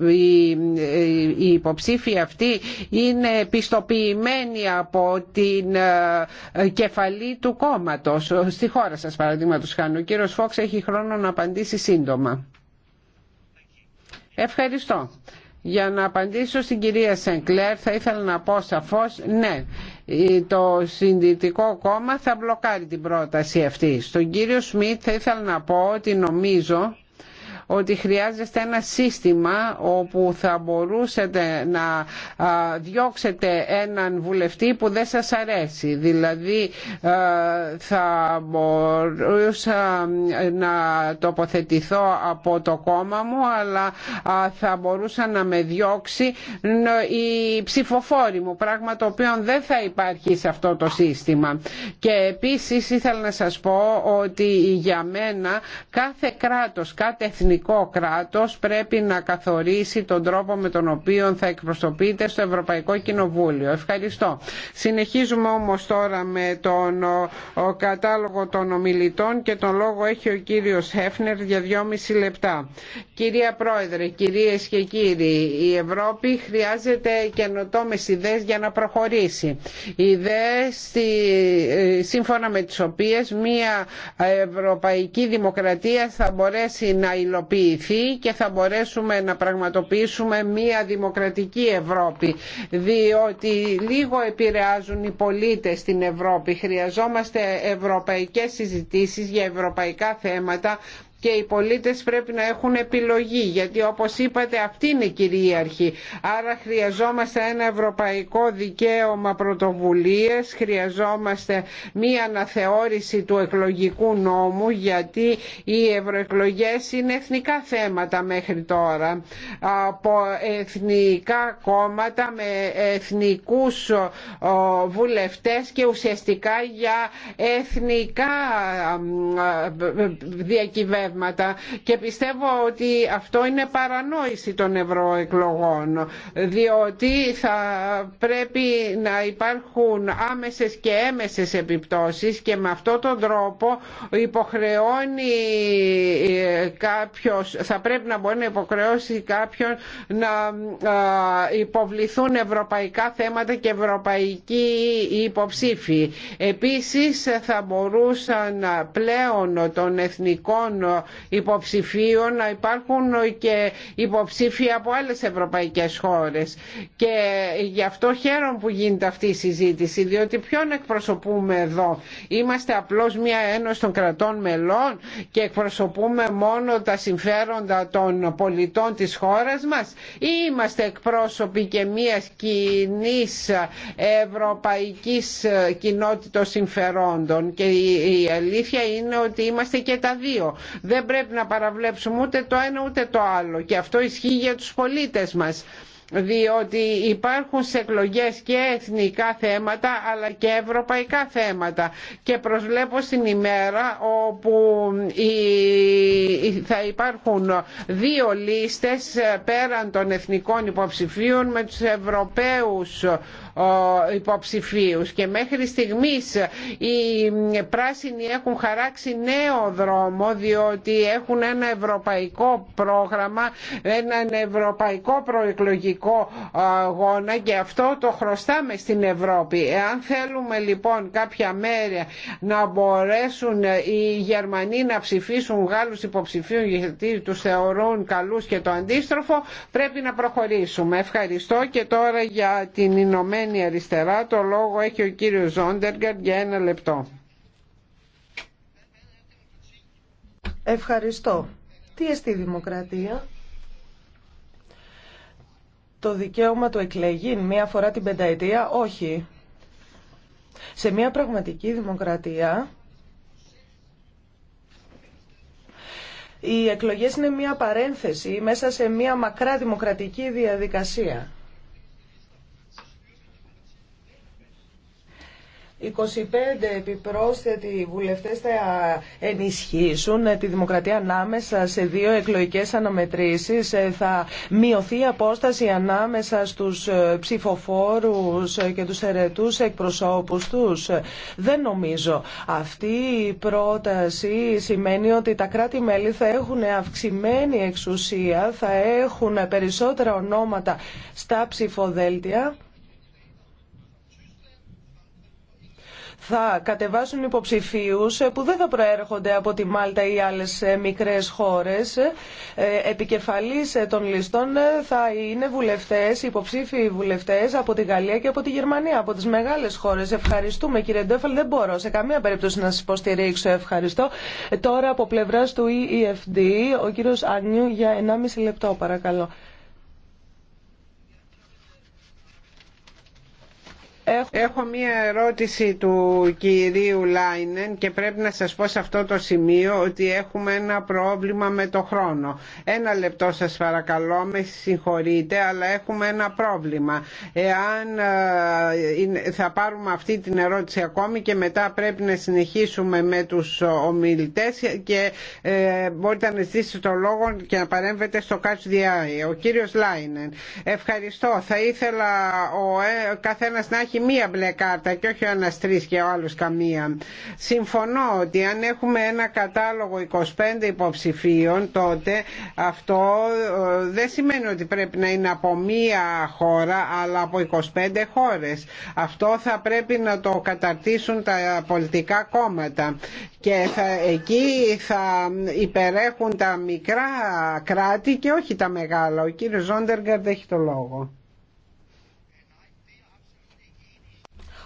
οι ε, υποψήφια αυτοί είναι πιστοποιημένοι από την ε, κεφαλή του κόμματος στη χώρα σας παραδείγματος χάνει. Ο κύριος Φόξ έχει χρόνο να απαντήσει σύντομα. Ευχαριστώ. Για να απαντήσω στην κυρία Σενκλέρ θα ήθελα να πω σαφώς ναι. Το Συντηρητικό Κόμμα θα μπλοκάρει την πρόταση αυτή. Στον κύριο Σμιτ θα ήθελα να πω ότι νομίζω ότι χρειάζεστε ένα σύστημα όπου θα μπορούσατε να διώξετε έναν βουλευτή που δεν σας αρέσει. Δηλαδή θα μπορούσα να τοποθετηθώ από το κόμμα μου αλλά θα μπορούσα να με διώξει η ψηφοφόρη μου πράγμα το οποίο δεν θα υπάρχει σε αυτό το σύστημα. Και επίσης ήθελα να σας πω ότι για μένα κάθε κράτος, κάθε εθνικό κράτος πρέπει να καθορίσει τον τρόπο με τον οποίο θα εκπροσωπείται στο Ευρωπαϊκό Κοινοβούλιο. Ευχαριστώ. Συνεχίζουμε όμως τώρα με τον ο κατάλογο των ομιλητών και τον λόγο έχει ο κύριος Χέφνερ για δυόμιση λεπτά. Κυρία Πρόεδρε, κυρίες και κύριοι, η Ευρώπη χρειάζεται καινοτόμες ιδέες για να προχωρήσει. Ιδέες σύμφωνα με τις οποίες μια ευρωπαϊκή δημοκρατία θα μπορέσει να υλοποιήσει και θα μπορέσουμε να πραγματοποιήσουμε μια δημοκρατική Ευρώπη διότι λίγο επηρεάζουν οι πολίτες στην Ευρώπη. Χρειαζόμαστε ευρωπαϊκές συζητήσεις για ευρωπαϊκά θέματα και οι πολίτες πρέπει να έχουν επιλογή γιατί όπως είπατε αυτή είναι κυρίαρχη άρα χρειαζόμαστε ένα ευρωπαϊκό δικαίωμα πρωτοβουλίες χρειαζόμαστε μία αναθεώρηση του εκλογικού νόμου γιατί οι ευρωεκλογές είναι εθνικά θέματα μέχρι τώρα από εθνικά κόμματα με εθνικούς βουλευτές και ουσιαστικά για εθνικά διακυβέρνηση και πιστεύω ότι αυτό είναι παρανόηση των ευρωεκλογών διότι θα πρέπει να υπάρχουν άμεσες και έμεσες επιπτώσεις και με αυτόν τον τρόπο υποχρεώνει ε, κάποιος, θα πρέπει να μπορεί να υποχρεώσει κάποιον να ε, υποβληθούν ευρωπαϊκά θέματα και ευρωπαϊκοί υποψήφοι. Επίσης θα μπορούσαν πλέον των εθνικών υποψηφίων να υπάρχουν και υποψήφοι από άλλες ευρωπαϊκές χώρες και γι' αυτό χαίρομαι που γίνεται αυτή η συζήτηση διότι ποιον εκπροσωπούμε εδώ είμαστε απλώς μια ένωση των κρατών μελών και εκπροσωπούμε μόνο τα συμφέροντα των πολιτών της χώρας μας ή είμαστε εκπρόσωποι και μιας κοινή ευρωπαϊκής κοινότητας συμφερόντων και η αλήθεια είναι ότι είμαστε και τα δύο δεν πρέπει να παραβλέψουμε ούτε το ένα ούτε το άλλο και αυτό ισχύει για τους πολίτες μας διότι υπάρχουν σε εκλογές και εθνικά θέματα αλλά και ευρωπαϊκά θέματα και προσβλέπω στην ημέρα όπου θα υπάρχουν δύο λίστες πέραν των εθνικών υποψηφίων με τους ευρωπαίους υποψηφίους και μέχρι στιγμής οι πράσινοι έχουν χαράξει νέο δρόμο διότι έχουν ένα ευρωπαϊκό πρόγραμμα, έναν ευρωπαϊκό προεκλογικό αγώνα και αυτό το χρωστάμε στην Ευρώπη. Εάν θέλουμε λοιπόν κάποια μέρη να μπορέσουν οι Γερμανοί να ψηφίσουν Γάλλους υποψηφίους γιατί τους θεωρούν καλούς και το αντίστροφο πρέπει να προχωρήσουμε. Ευχαριστώ και τώρα για την Ηνωμένη η Αριστερά. Το λόγο έχει ο κύριος Ζόντεργαρτ για ένα λεπτό. Ευχαριστώ. Τι η δημοκρατία? Το δικαίωμα του εκλεγήν μία φορά την πενταετία, όχι. Σε μία πραγματική δημοκρατία οι εκλογές είναι μία παρένθεση μέσα σε μία μακρά δημοκρατική διαδικασία. 25 επιπρόσθετοι βουλευτές θα ενισχύσουν τη δημοκρατία ανάμεσα σε δύο εκλογικές αναμετρήσεις. Ε, θα μειωθεί η απόσταση ανάμεσα στους ε, ψηφοφόρους ε, και τους ερετούς εκπροσώπους τους. Δεν νομίζω. Αυτή η πρόταση σημαίνει ότι τα κράτη-μέλη θα έχουν αυξημένη εξουσία, θα έχουν περισσότερα ονόματα στα ψηφοδέλτια θα κατεβάσουν υποψηφίους που δεν θα προέρχονται από τη Μάλτα ή άλλες ε, μικρές χώρες. Ε, επικεφαλής ε, των ληστών θα είναι βουλευτές, υποψήφιοι βουλευτές από τη Γαλλία και από τη Γερμανία, από τις μεγάλες χώρες. Ευχαριστούμε κύριε Ντόφαλ. δεν μπορώ σε καμία περίπτωση να σας υποστηρίξω. Ευχαριστώ. Τώρα από πλευράς του EFD, e ο κύριος Αγνιού για 1,5 λεπτό παρακαλώ. Έχω μία ερώτηση του κυρίου Λάινεν και πρέπει να σας πω σε αυτό το σημείο ότι έχουμε ένα πρόβλημα με το χρόνο. Ένα λεπτό σας παρακαλώ, με συγχωρείτε, αλλά έχουμε ένα πρόβλημα. Εάν ε, θα πάρουμε αυτή την ερώτηση ακόμη και μετά πρέπει να συνεχίσουμε με τους ομιλητές και ε, μπορείτε να ζητήσετε το λόγο και να παρέμβετε στο Catch the Ο κύριος Λάινεν. Ευχαριστώ. Θα ήθελα ο ε, καθένας να μία μπλε κάρτα και όχι ο ένας και ο άλλος καμία. Συμφωνώ ότι αν έχουμε ένα κατάλογο 25 υποψηφίων τότε αυτό ε, δεν σημαίνει ότι πρέπει να είναι από μία χώρα αλλά από 25 χώρες. Αυτό θα πρέπει να το καταρτήσουν τα πολιτικά κόμματα και εκεί θα υπερέχουν τα μικρά κράτη και όχι τα μεγάλα. Ο κύριος Ζόντεργκαρντ έχει το λόγο.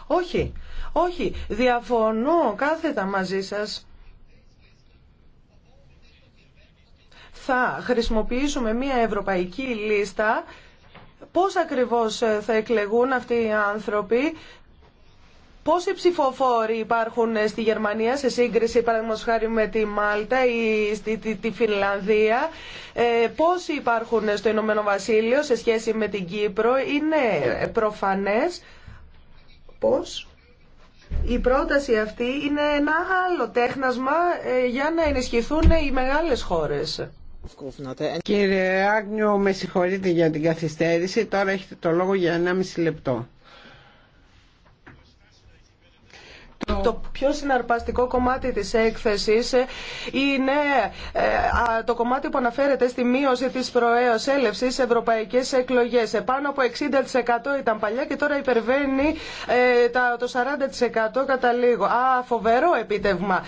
Όχι, όχι, διαφωνώ κάθετα μαζί σας. Θα χρησιμοποιήσουμε μια ευρωπαϊκή λίστα πώς ακριβώς ε, θα εκλεγούν αυτοί οι άνθρωποι, Πόσοι ψηφοφόροι υπάρχουν ε, στη Γερμανία σε σύγκριση παραδείγματος χάρη με τη Μάλτα ή στη, τη, τη Φινλανδία, ε, πόσοι υπάρχουν ε, στο Ηνωμένο Βασίλειο σε σχέση με την Κύπρο, είναι προφανές πως η πρόταση αυτή είναι ένα άλλο τέχνασμα ε, για να ενισχυθούν οι μεγάλες χώρες. Κύριε Άγνιο, με συγχωρείτε για την καθυστέρηση. Τώρα έχετε το λόγο για 1,5 λεπτό. Το πιο συναρπαστικό κομμάτι της έκθεσης είναι ε, το κομμάτι που αναφέρεται στη μείωση της προέως έλευσης σε ευρωπαϊκές εκλογές. Ε, πάνω από 60% ήταν παλιά και τώρα υπερβαίνει ε, το 40% κατά λίγο. Α, φοβερό επίτευγμα.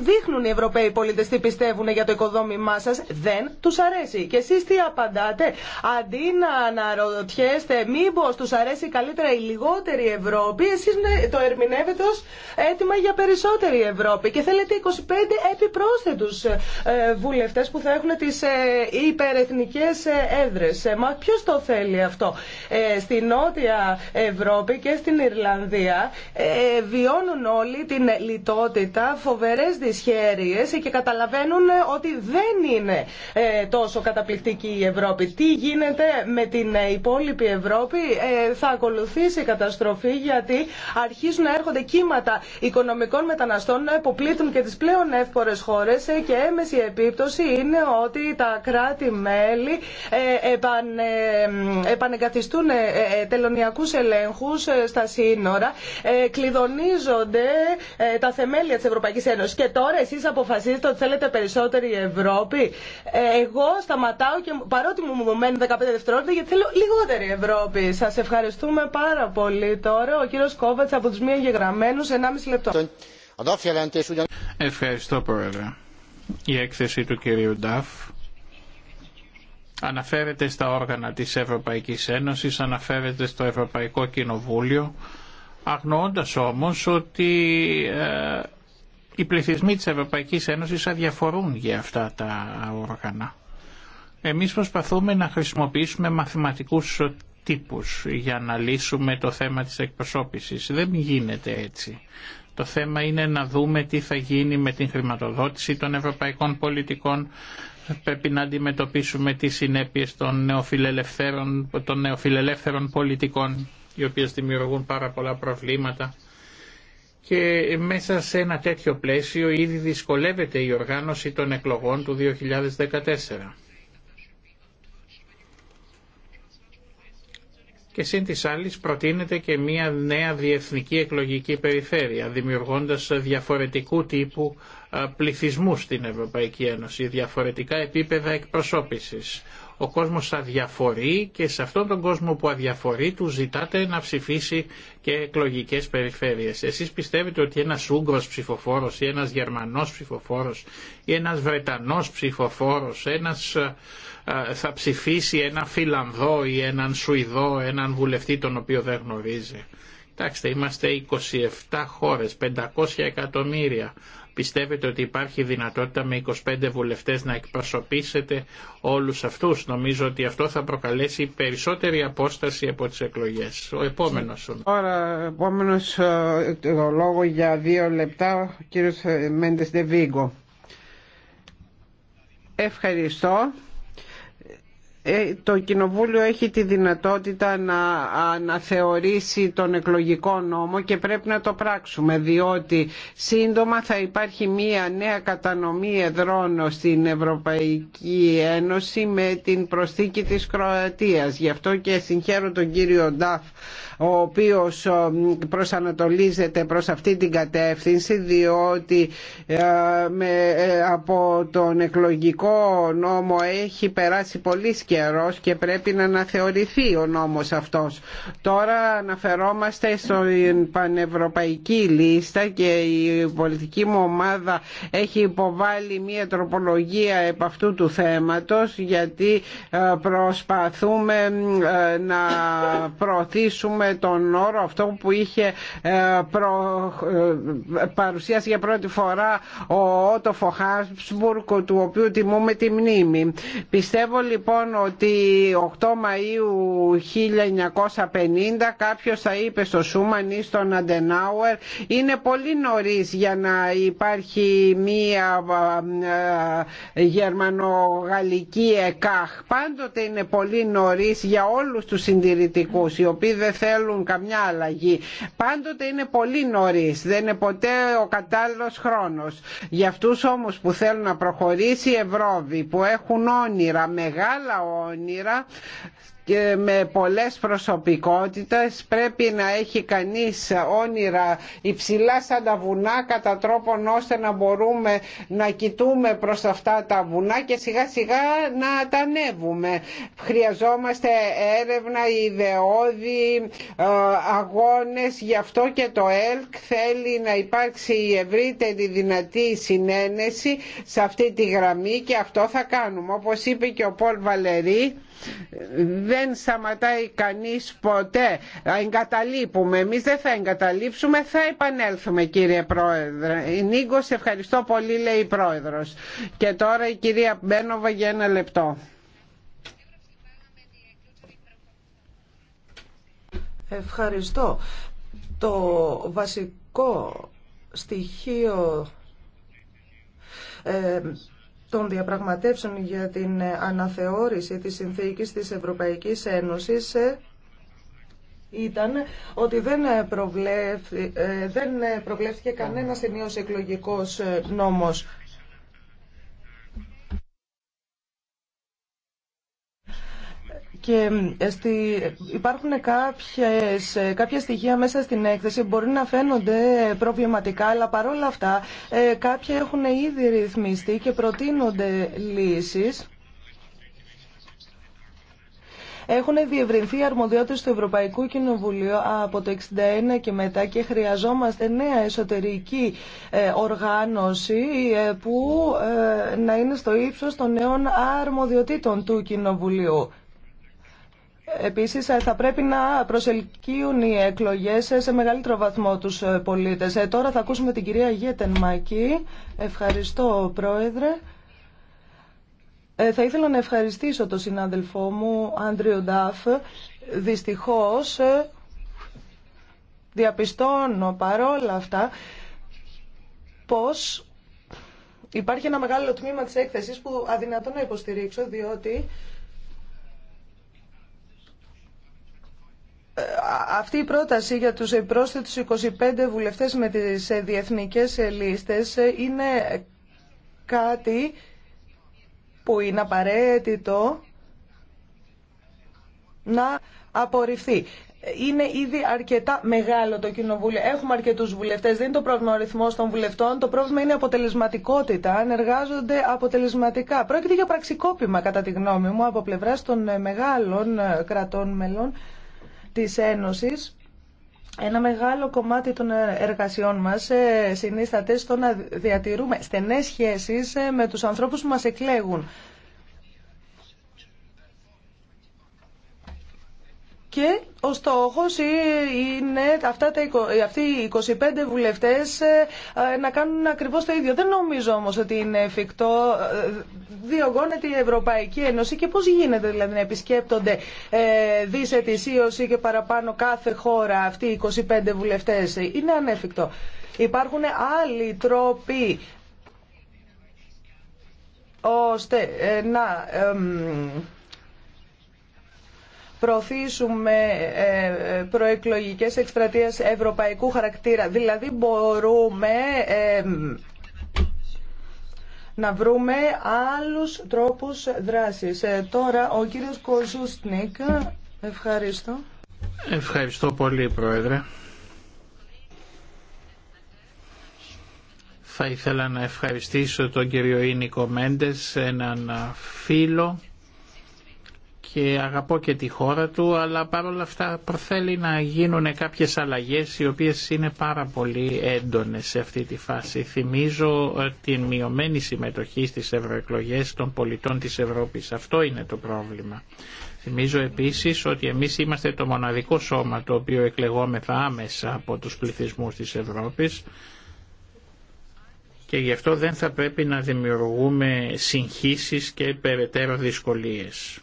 Δείχνουν οι Ευρωπαίοι πολίτες τι πιστεύουν για το οικοδόμημά σας. Δεν τους αρέσει. Και εσείς τι απαντάτε. Αντί να αναρωτιέστε μήπως τους αρέσει καλύτερα η λιγότερη Ευρώπη, εσείς ναι, το ερμηνεύετε ως έτοιμα για περισσότερη Ευρώπη και θέλετε 25 επιπρόσθετους ε, βουλευτές που θα έχουν τις ε, υπερεθνικές ε, έδρες. Μα ποιος το θέλει αυτό. Στην Νότια Ευρώπη και στην Ιρλανδία βιώνουν όλοι την λιτότητα, φοβερές δυσχέρειες και καταλαβαίνουν ότι δεν είναι τόσο καταπληκτική η Ευρώπη. Τι γίνεται με την υπόλοιπη Ευρώπη θα ακολουθήσει καταστροφή γιατί αρχίζουν να έρχονται κύματα οικονομικών μεταναστών που πλήττουν και τις πλέον εύκολε χώρες ε, και έμεση επίπτωση είναι ότι τα κράτη-μέλη ε, ε, επανεγκαθιστούν τελωνιακούς ελέγχους στα σύνορα, κλειδονίζονται τα θεμέλια της Ευρωπαϊκής Ένωσης και τώρα εσείς αποφασίζετε ότι θέλετε περισσότερη Ευρώπη. Εγώ σταματάω και παρότι μου μένουν 15 δευτερόλεπτα γιατί θέλω λιγότερη Ευρώπη. Σας ευχαριστούμε πάρα πολύ τώρα. Ο κύριος Κόβατς από τους μη Ευχαριστώ Πρόεδρε. Η έκθεση του κυρίου Νταφ αναφέρεται στα όργανα της Ευρωπαϊκής Ένωσης, αναφέρεται στο Ευρωπαϊκό Κοινοβούλιο, αγνοώντας όμως ότι ε, οι πληθυσμοί της Ευρωπαϊκής Ένωσης αδιαφορούν για αυτά τα όργανα. Εμείς προσπαθούμε να χρησιμοποιήσουμε μαθηματικούς τύπους για να λύσουμε το θέμα της εκπροσώπησης. Δεν γίνεται έτσι. Το θέμα είναι να δούμε τι θα γίνει με την χρηματοδότηση των ευρωπαϊκών πολιτικών. Πρέπει να αντιμετωπίσουμε τις συνέπειες των νεοφιλελευθέρων, των νεοφιλελεύθερων πολιτικών, οι οποίες δημιουργούν πάρα πολλά προβλήματα. Και μέσα σε ένα τέτοιο πλαίσιο ήδη δυσκολεύεται η οργάνωση των εκλογών του 2014. και σύν της άλλης προτείνεται και μια νέα διεθνική εκλογική περιφέρεια, δημιουργώντας διαφορετικού τύπου πληθυσμού στην Ευρωπαϊκή Ένωση, διαφορετικά επίπεδα εκπροσώπησης. Ο κόσμος αδιαφορεί και σε αυτόν τον κόσμο που αδιαφορεί του ζητάτε να ψηφίσει και εκλογικές περιφέρειες. Εσείς πιστεύετε ότι ένας Ούγγρος ψηφοφόρος ή ένας Γερμανός ψηφοφόρος ή ένας Βρετανός ψηφοφόρος, ένας θα ψηφίσει ένα Φιλανδό ή έναν Σουηδό, έναν βουλευτή τον οποίο δεν γνωρίζει. Κοιτάξτε, είμαστε 27 χώρες, 500 εκατομμύρια. Πιστεύετε ότι υπάρχει δυνατότητα με 25 βουλευτές να εκπροσωπήσετε όλους αυτούς. Νομίζω ότι αυτό θα προκαλέσει περισσότερη απόσταση από τις εκλογές. Ο επόμενος. Τώρα, επόμενος ε, το λόγο για δύο λεπτά, ο κύριος ε, Μέντες Ντεβίγκο. Ευχαριστώ. Ε, το Κοινοβούλιο έχει τη δυνατότητα να αναθεωρήσει τον εκλογικό νόμο και πρέπει να το πράξουμε διότι σύντομα θα υπάρχει μία νέα κατανομή εδρών στην Ευρωπαϊκή Ένωση με την προσθήκη της Κροατίας. Γι' αυτό και συγχαίρω τον κύριο Νταφ ο οποίος προσανατολίζεται προς αυτή την κατεύθυνση διότι ε, με, ε, από τον εκλογικό νόμο έχει περάσει πολύ καιρό και πρέπει να αναθεωρηθεί ο νόμος αυτός. Τώρα αναφερόμαστε στην πανευρωπαϊκή λίστα και η πολιτική μου ομάδα έχει υποβάλει μία τροπολογία επ' αυτού του θέματος γιατί ε, προσπαθούμε να προωθήσουμε με τον όρο αυτό που είχε ε, προ... Ε, παρουσιάσει για πρώτη φορά ο Ότο Φοχάσμπουργκ του οποίου τιμούμε τη μνήμη. Πιστεύω λοιπόν ότι 8 Μαΐου 1950 κάποιος θα είπε στο Σούμαν ή στον Αντενάουερ είναι πολύ νωρίς για να υπάρχει μία ε, γερμανογαλλική ΕΚΑΧ. Πάντοτε είναι πολύ νωρίς για όλους τους συντηρητικούς οι οποίοι δεν θέλουν θέλουν καμιά αλλαγή. Πάντοτε είναι πολύ νωρί. δεν είναι ποτέ ο κατάλληλο χρόνο. Για αυτού όμω που θέλουν να προχωρήσει η Ευρώπη, που έχουν όνειρα, μεγάλα όνειρα, και με πολλές προσωπικότητες πρέπει να έχει κανείς όνειρα υψηλά σαν τα βουνά κατά τρόπον ώστε να μπορούμε να κοιτούμε προς αυτά τα βουνά και σιγά σιγά να τα ανέβουμε. Χρειαζόμαστε έρευνα ιδεώδη ε, αγώνες γι' αυτό και το ΕΛΚ θέλει να υπάρξει η ευρύτερη δυνατή συνένεση σε αυτή τη γραμμή και αυτό θα κάνουμε. Όπως είπε και ο Πολ Βαλερή δεν σταματάει κανείς ποτέ εγκαταλείπουμε εμείς δεν θα εγκαταλείψουμε θα επανέλθουμε κύριε Πρόεδρε Νίκο ευχαριστώ πολύ λέει η Πρόεδρος και τώρα η κυρία Μπένοβα για ένα λεπτό Ευχαριστώ το βασικό στοιχείο ε, των διαπραγματεύσεων για την ε, αναθεώρηση της συνθήκης της Ευρωπαϊκής Ένωσης ε, ήταν ότι δεν, ε, προβλέφθη, δεν προβλέφθηκε κανένας ενίος εκλογικός νόμος. και ε, στη, υπάρχουν κάποιες, ε, κάποια στοιχεία μέσα στην έκθεση που μπορεί να φαίνονται προβληματικά, αλλά παρόλα αυτά ε, κάποια έχουν ήδη ρυθμιστεί και προτείνονται λύσεις. Έχουν διευρυνθεί οι αρμοδιότητες του Ευρωπαϊκού Κοινοβουλίου από το 1961 και μετά και χρειαζόμαστε νέα εσωτερική οργάνωση που να είναι στο ύψος των νέων αρμοδιοτήτων του Κοινοβουλίου. Επίσης θα πρέπει να προσελκύουν οι εκλογές σε μεγαλύτερο βαθμό τους πολίτες. Ε, τώρα θα ακούσουμε την κυρία Γέτεν Μακή. Ευχαριστώ Πρόεδρε. Ε, θα ήθελα να ευχαριστήσω τον συνάδελφό μου Άντριο Ντάφ. Δυστυχώς ε, διαπιστώνω παρόλα αυτά πως υπάρχει ένα μεγάλο τμήμα της έκθεσης που αδυνατόν να υποστηρίξω διότι αυτή η πρόταση για τους πρόσθετους 25 βουλευτές με τις διεθνικές λίστες είναι κάτι που είναι απαραίτητο να απορριφθεί. Είναι ήδη αρκετά μεγάλο το κοινοβούλιο. Έχουμε αρκετούς βουλευτές. Δεν είναι το πρόβλημα ο ρυθμός των βουλευτών. Το πρόβλημα είναι η αποτελεσματικότητα. Αν εργάζονται αποτελεσματικά. Πρόκειται για πραξικόπημα, κατά τη γνώμη μου, από πλευράς των μεγάλων κρατών μελών της Ένωσης. Ένα μεγάλο κομμάτι των εργασιών μας ε, συνίσταται στο να διατηρούμε στενές σχέσεις ε, με τους ανθρώπους που μας εκλέγουν. Και ο στόχος είναι αυτά τα, αυτοί οι 25 βουλευτές ε, ε, να κάνουν ακριβώς το ίδιο. Δεν νομίζω όμως ότι είναι εφικτό. Ε, διωγώνεται η Ευρωπαϊκή Ένωση και πώς γίνεται δηλαδή να επισκέπτονται ε, και παραπάνω κάθε χώρα αυτοί οι 25 βουλευτές. Είναι ανέφικτο. Υπάρχουν άλλοι τρόποι ώστε να προωθήσουμε ε, ε, προεκλογικές εκστρατείες ευρωπαϊκού χαρακτήρα. Δηλαδή μπορούμε ε, να βρούμε άλλους τρόπους δράσης. Τώρα ο κύριος Κοζούστνικ. Ευχαριστώ. Ευχαριστώ πολύ Πρόεδρε. Θα ήθελα να ευχαριστήσω τον κύριο Ίνικο Μέντες, έναν φίλο και αγαπώ και τη χώρα του, αλλά παρόλα αυτά προθέλει να γίνουν κάποιες αλλαγές οι οποίες είναι πάρα πολύ έντονες σε αυτή τη φάση. Θυμίζω ε, την μειωμένη συμμετοχή στις ευρωεκλογέ των πολιτών της Ευρώπης. Αυτό είναι το πρόβλημα. Θυμίζω επίσης ότι εμείς είμαστε το μοναδικό σώμα το οποίο εκλεγόμεθα άμεσα από τους πληθυσμούς της Ευρώπης και γι' αυτό δεν θα πρέπει να δημιουργούμε συγχύσεις και περαιτέρω δυσκολίες.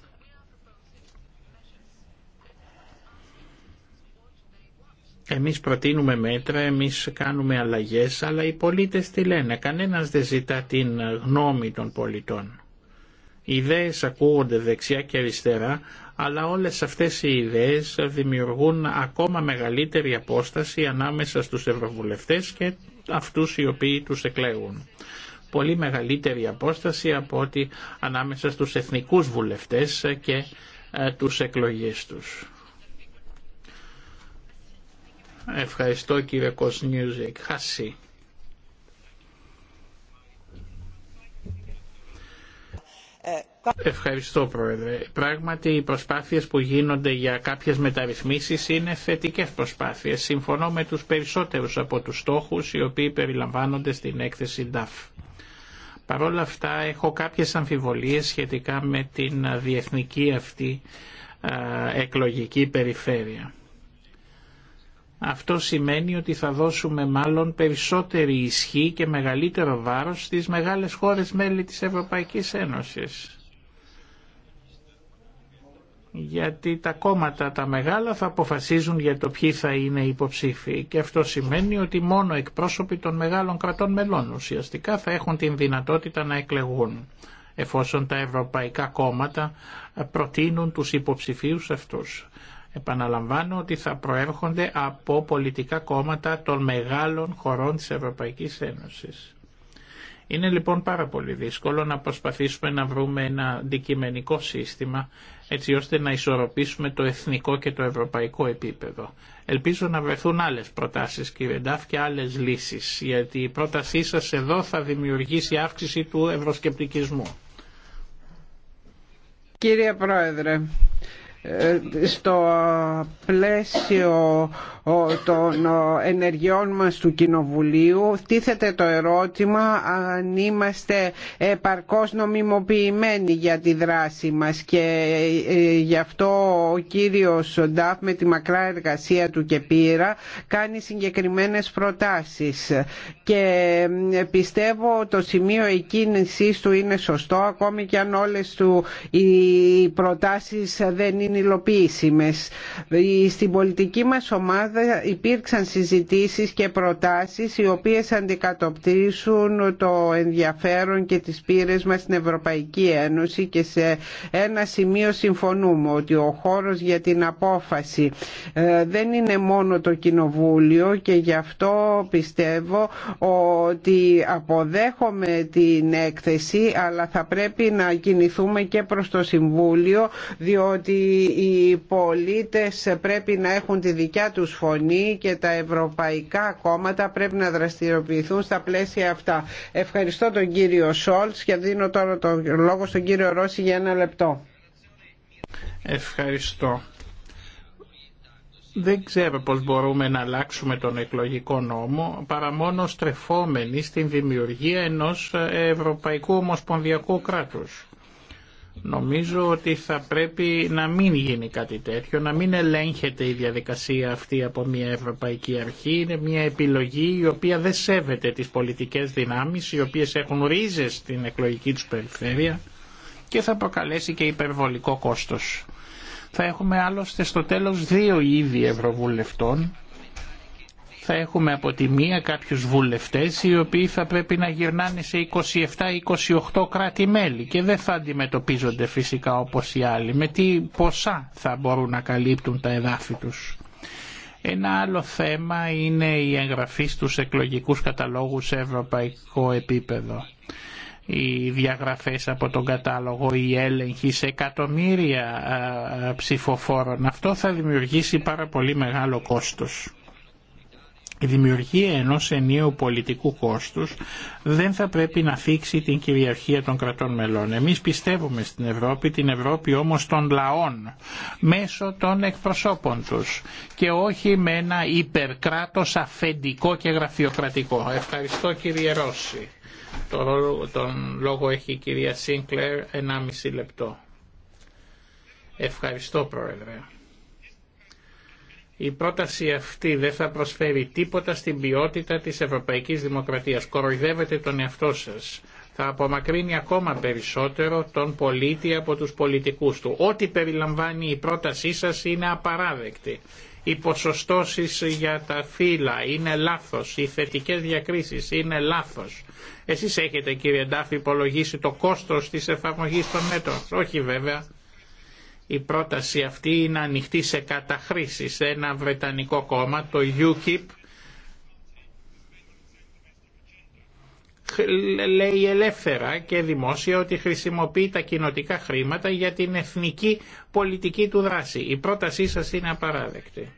Εμείς προτείνουμε μέτρα, εμείς κάνουμε αλλαγές, αλλά οι πολίτες τι λένε, κανένας δεν ζητά την γνώμη των πολιτών. Οι ιδέες ακούγονται δεξιά και αριστερά, αλλά όλες αυτές οι ιδέες δημιουργούν ακόμα μεγαλύτερη απόσταση ανάμεσα στους ευρωβουλευτές και αυτούς οι οποίοι τους εκλέγουν. Πολύ μεγαλύτερη απόσταση από ότι ανάμεσα στους εθνικούς βουλευτές και ε, τους εκλογές τους. Ευχαριστώ κύριε Νιούζικ. Χασί. Ευχαριστώ Πρόεδρε. Πράγματι οι προσπάθειες που γίνονται για κάποιες μεταρρυθμίσεις είναι θετικές προσπάθειες. Συμφωνώ με τους περισσότερους από τους στόχους οι οποίοι περιλαμβάνονται στην έκθεση DAF. Παρ' όλα αυτά έχω κάποιες αμφιβολίες σχετικά με την διεθνική αυτή εκλογική περιφέρεια. Αυτό σημαίνει ότι θα δώσουμε μάλλον περισσότερη ισχύ και μεγαλύτερο βάρος στις μεγάλες χώρες μέλη της Ευρωπαϊκής Ένωσης. Γιατί τα κόμματα τα μεγάλα θα αποφασίζουν για το ποιοι θα είναι υποψήφοι και αυτό σημαίνει ότι μόνο εκπρόσωποι των μεγάλων κρατών μελών ουσιαστικά θα έχουν την δυνατότητα να εκλεγούν εφόσον τα ευρωπαϊκά κόμματα προτείνουν τους υποψηφίους αυτούς επαναλαμβάνω ότι θα προέρχονται από πολιτικά κόμματα των μεγάλων χωρών της Ευρωπαϊκής Ένωσης. Είναι λοιπόν πάρα πολύ δύσκολο να προσπαθήσουμε να βρούμε ένα αντικειμενικό σύστημα έτσι ώστε να ισορροπήσουμε το εθνικό και το ευρωπαϊκό επίπεδο. Ελπίζω να βρεθούν άλλες προτάσεις κύριε Ντάφ και άλλες λύσεις γιατί η πρότασή σας εδώ θα δημιουργήσει αύξηση του ευρωσκεπτικισμού. Κύριε Πρόεδρε, ε, στο πλαίσιο των ενεργειών μας του Κοινοβουλίου τίθεται το ερώτημα αν είμαστε επαρκώς νομιμοποιημένοι για τη δράση μας και ε, γι' αυτό ο κύριος Ντάφ με τη μακρά εργασία του και πήρα κάνει συγκεκριμένες προτάσεις και ε, πιστεύω το σημείο εκείνης του είναι σωστό ακόμη και αν όλες του οι προτάσεις δεν είναι υλοποίηση υλοποιήσιμες. Στην πολιτική μας ομάδα υπήρξαν συζητήσεις και προτάσεις οι οποίες αντικατοπτρίσουν το ενδιαφέρον και τις πείρες μας στην Ευρωπαϊκή Ένωση και σε ένα σημείο συμφωνούμε ότι ο χώρος για την απόφαση ε, δεν είναι μόνο το Κοινοβούλιο και γι' αυτό πιστεύω ότι αποδέχομαι την έκθεση αλλά θα πρέπει να κινηθούμε και προς το Συμβούλιο διότι οι πολίτες πρέπει να έχουν τη δικιά τους φωνή και τα ευρωπαϊκά κόμματα πρέπει να δραστηριοποιηθούν στα πλαίσια αυτά. Ευχαριστώ τον κύριο Σόλτς και δίνω τώρα τον λόγο στον κύριο Ρώση για ένα λεπτό. Ευχαριστώ. Δεν ξέρω πώς μπορούμε να αλλάξουμε τον εκλογικό νόμο παρά μόνο στρεφόμενοι στην δημιουργία ενός Ευρωπαϊκού Ομοσπονδιακού κράτους. Νομίζω ότι θα πρέπει να μην γίνει κάτι τέτοιο, να μην ελέγχεται η διαδικασία αυτή από μια ευρωπαϊκή αρχή. Είναι μια επιλογή η οποία δεν σέβεται τις πολιτικές δυνάμεις, οι οποίες έχουν ρίζες στην εκλογική τους περιφέρεια και θα προκαλέσει και υπερβολικό κόστος. Θα έχουμε άλλωστε στο τέλος δύο είδη ευρωβουλευτών θα έχουμε από τη μία κάποιους βουλευτές οι οποίοι θα πρέπει να γυρνάνε σε 27-28 κράτη-μέλη και δεν θα αντιμετωπίζονται φυσικά όπως οι άλλοι. Με τι ποσά θα μπορούν να καλύπτουν τα εδάφη τους. Ένα άλλο θέμα είναι η εγγραφή στους εκλογικούς καταλόγους σε ευρωπαϊκό επίπεδο. Οι διαγραφές από τον κατάλογο, η έλεγχη σε εκατομμύρια ε, ε, ψηφοφόρων. Αυτό θα δημιουργήσει πάρα πολύ μεγάλο κόστος. Η δημιουργία ενός ενίου πολιτικού κόστους δεν θα πρέπει να φύξει την κυριαρχία των κρατών μελών. Εμείς πιστεύουμε στην Ευρώπη, την Ευρώπη όμως των λαών, μέσω των εκπροσώπων τους και όχι με ένα υπερκράτος αφεντικό και γραφειοκρατικό. Ευχαριστώ κύριε Ρώση. Τον λόγο έχει η κυρία Σίνκλερ, 1,5 λεπτό. Ευχαριστώ πρόεδρε. Η πρόταση αυτή δεν θα προσφέρει τίποτα στην ποιότητα της ευρωπαϊκής δημοκρατίας. Κοροϊδεύετε τον εαυτό σας. Θα απομακρύνει ακόμα περισσότερο τον πολίτη από τους πολιτικούς του. Ό,τι περιλαμβάνει η πρότασή σας είναι απαράδεκτη. Οι ποσοστώσεις για τα φύλλα είναι λάθος, οι θετικές διακρίσεις είναι λάθος. Εσείς έχετε κύριε Ντάφη υπολογίσει το κόστος της εφαρμογής των μέτρων. Όχι βέβαια η πρόταση αυτή είναι ανοιχτή σε σε Ένα βρετανικό κόμμα, το UKIP, λέει ελεύθερα και δημόσια ότι χρησιμοποιεί τα κοινοτικά χρήματα για την εθνική πολιτική του δράση. Η πρότασή σας είναι απαράδεκτη.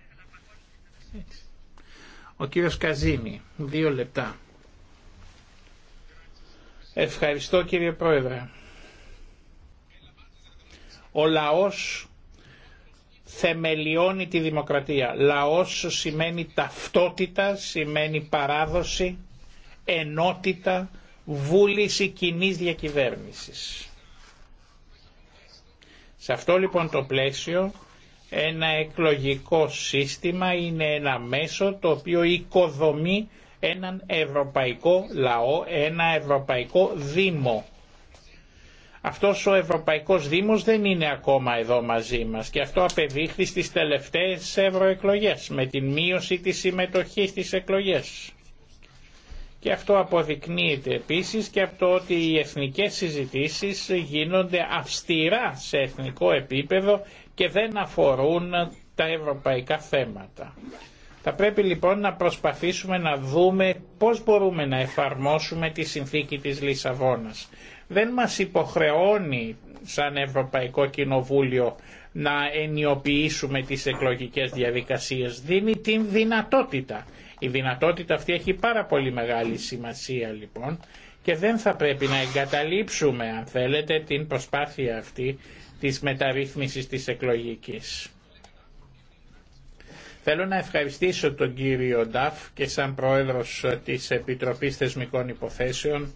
Ο κύριος Καζίνη, δύο λεπτά. Ευχαριστώ κύριε Πρόεδρε. Ο λαός θεμελιώνει τη δημοκρατία. Λαός σημαίνει ταυτότητα, σημαίνει παράδοση, ενότητα, βούληση κοινή διακυβέρνησης. Σε αυτό λοιπόν το πλαίσιο ένα εκλογικό σύστημα είναι ένα μέσο το οποίο οικοδομεί έναν ευρωπαϊκό λαό, ένα ευρωπαϊκό δήμο. Αυτός ο Ευρωπαϊκός Δήμος δεν είναι ακόμα εδώ μαζί μας και αυτό απεδείχθη στις τελευταίες ευρωεκλογές με την μείωση της συμμετοχής στις εκλογές. Και αυτό αποδεικνύεται επίσης και από το ότι οι εθνικές συζητήσεις γίνονται αυστηρά σε εθνικό επίπεδο και δεν αφορούν τα ευρωπαϊκά θέματα. Θα πρέπει λοιπόν να προσπαθήσουμε να δούμε πώς μπορούμε να εφαρμόσουμε τη συνθήκη της Λισαβόνας δεν μας υποχρεώνει σαν Ευρωπαϊκό Κοινοβούλιο να ενιοποιήσουμε τις εκλογικές διαδικασίες. Δίνει την δυνατότητα. Η δυνατότητα αυτή έχει πάρα πολύ μεγάλη σημασία λοιπόν και δεν θα πρέπει να εγκαταλείψουμε αν θέλετε την προσπάθεια αυτή της μεταρρύθμισης της εκλογικής. Θέλω να ευχαριστήσω τον κύριο Νταφ και σαν πρόεδρος της Επιτροπής Θεσμικών Υποθέσεων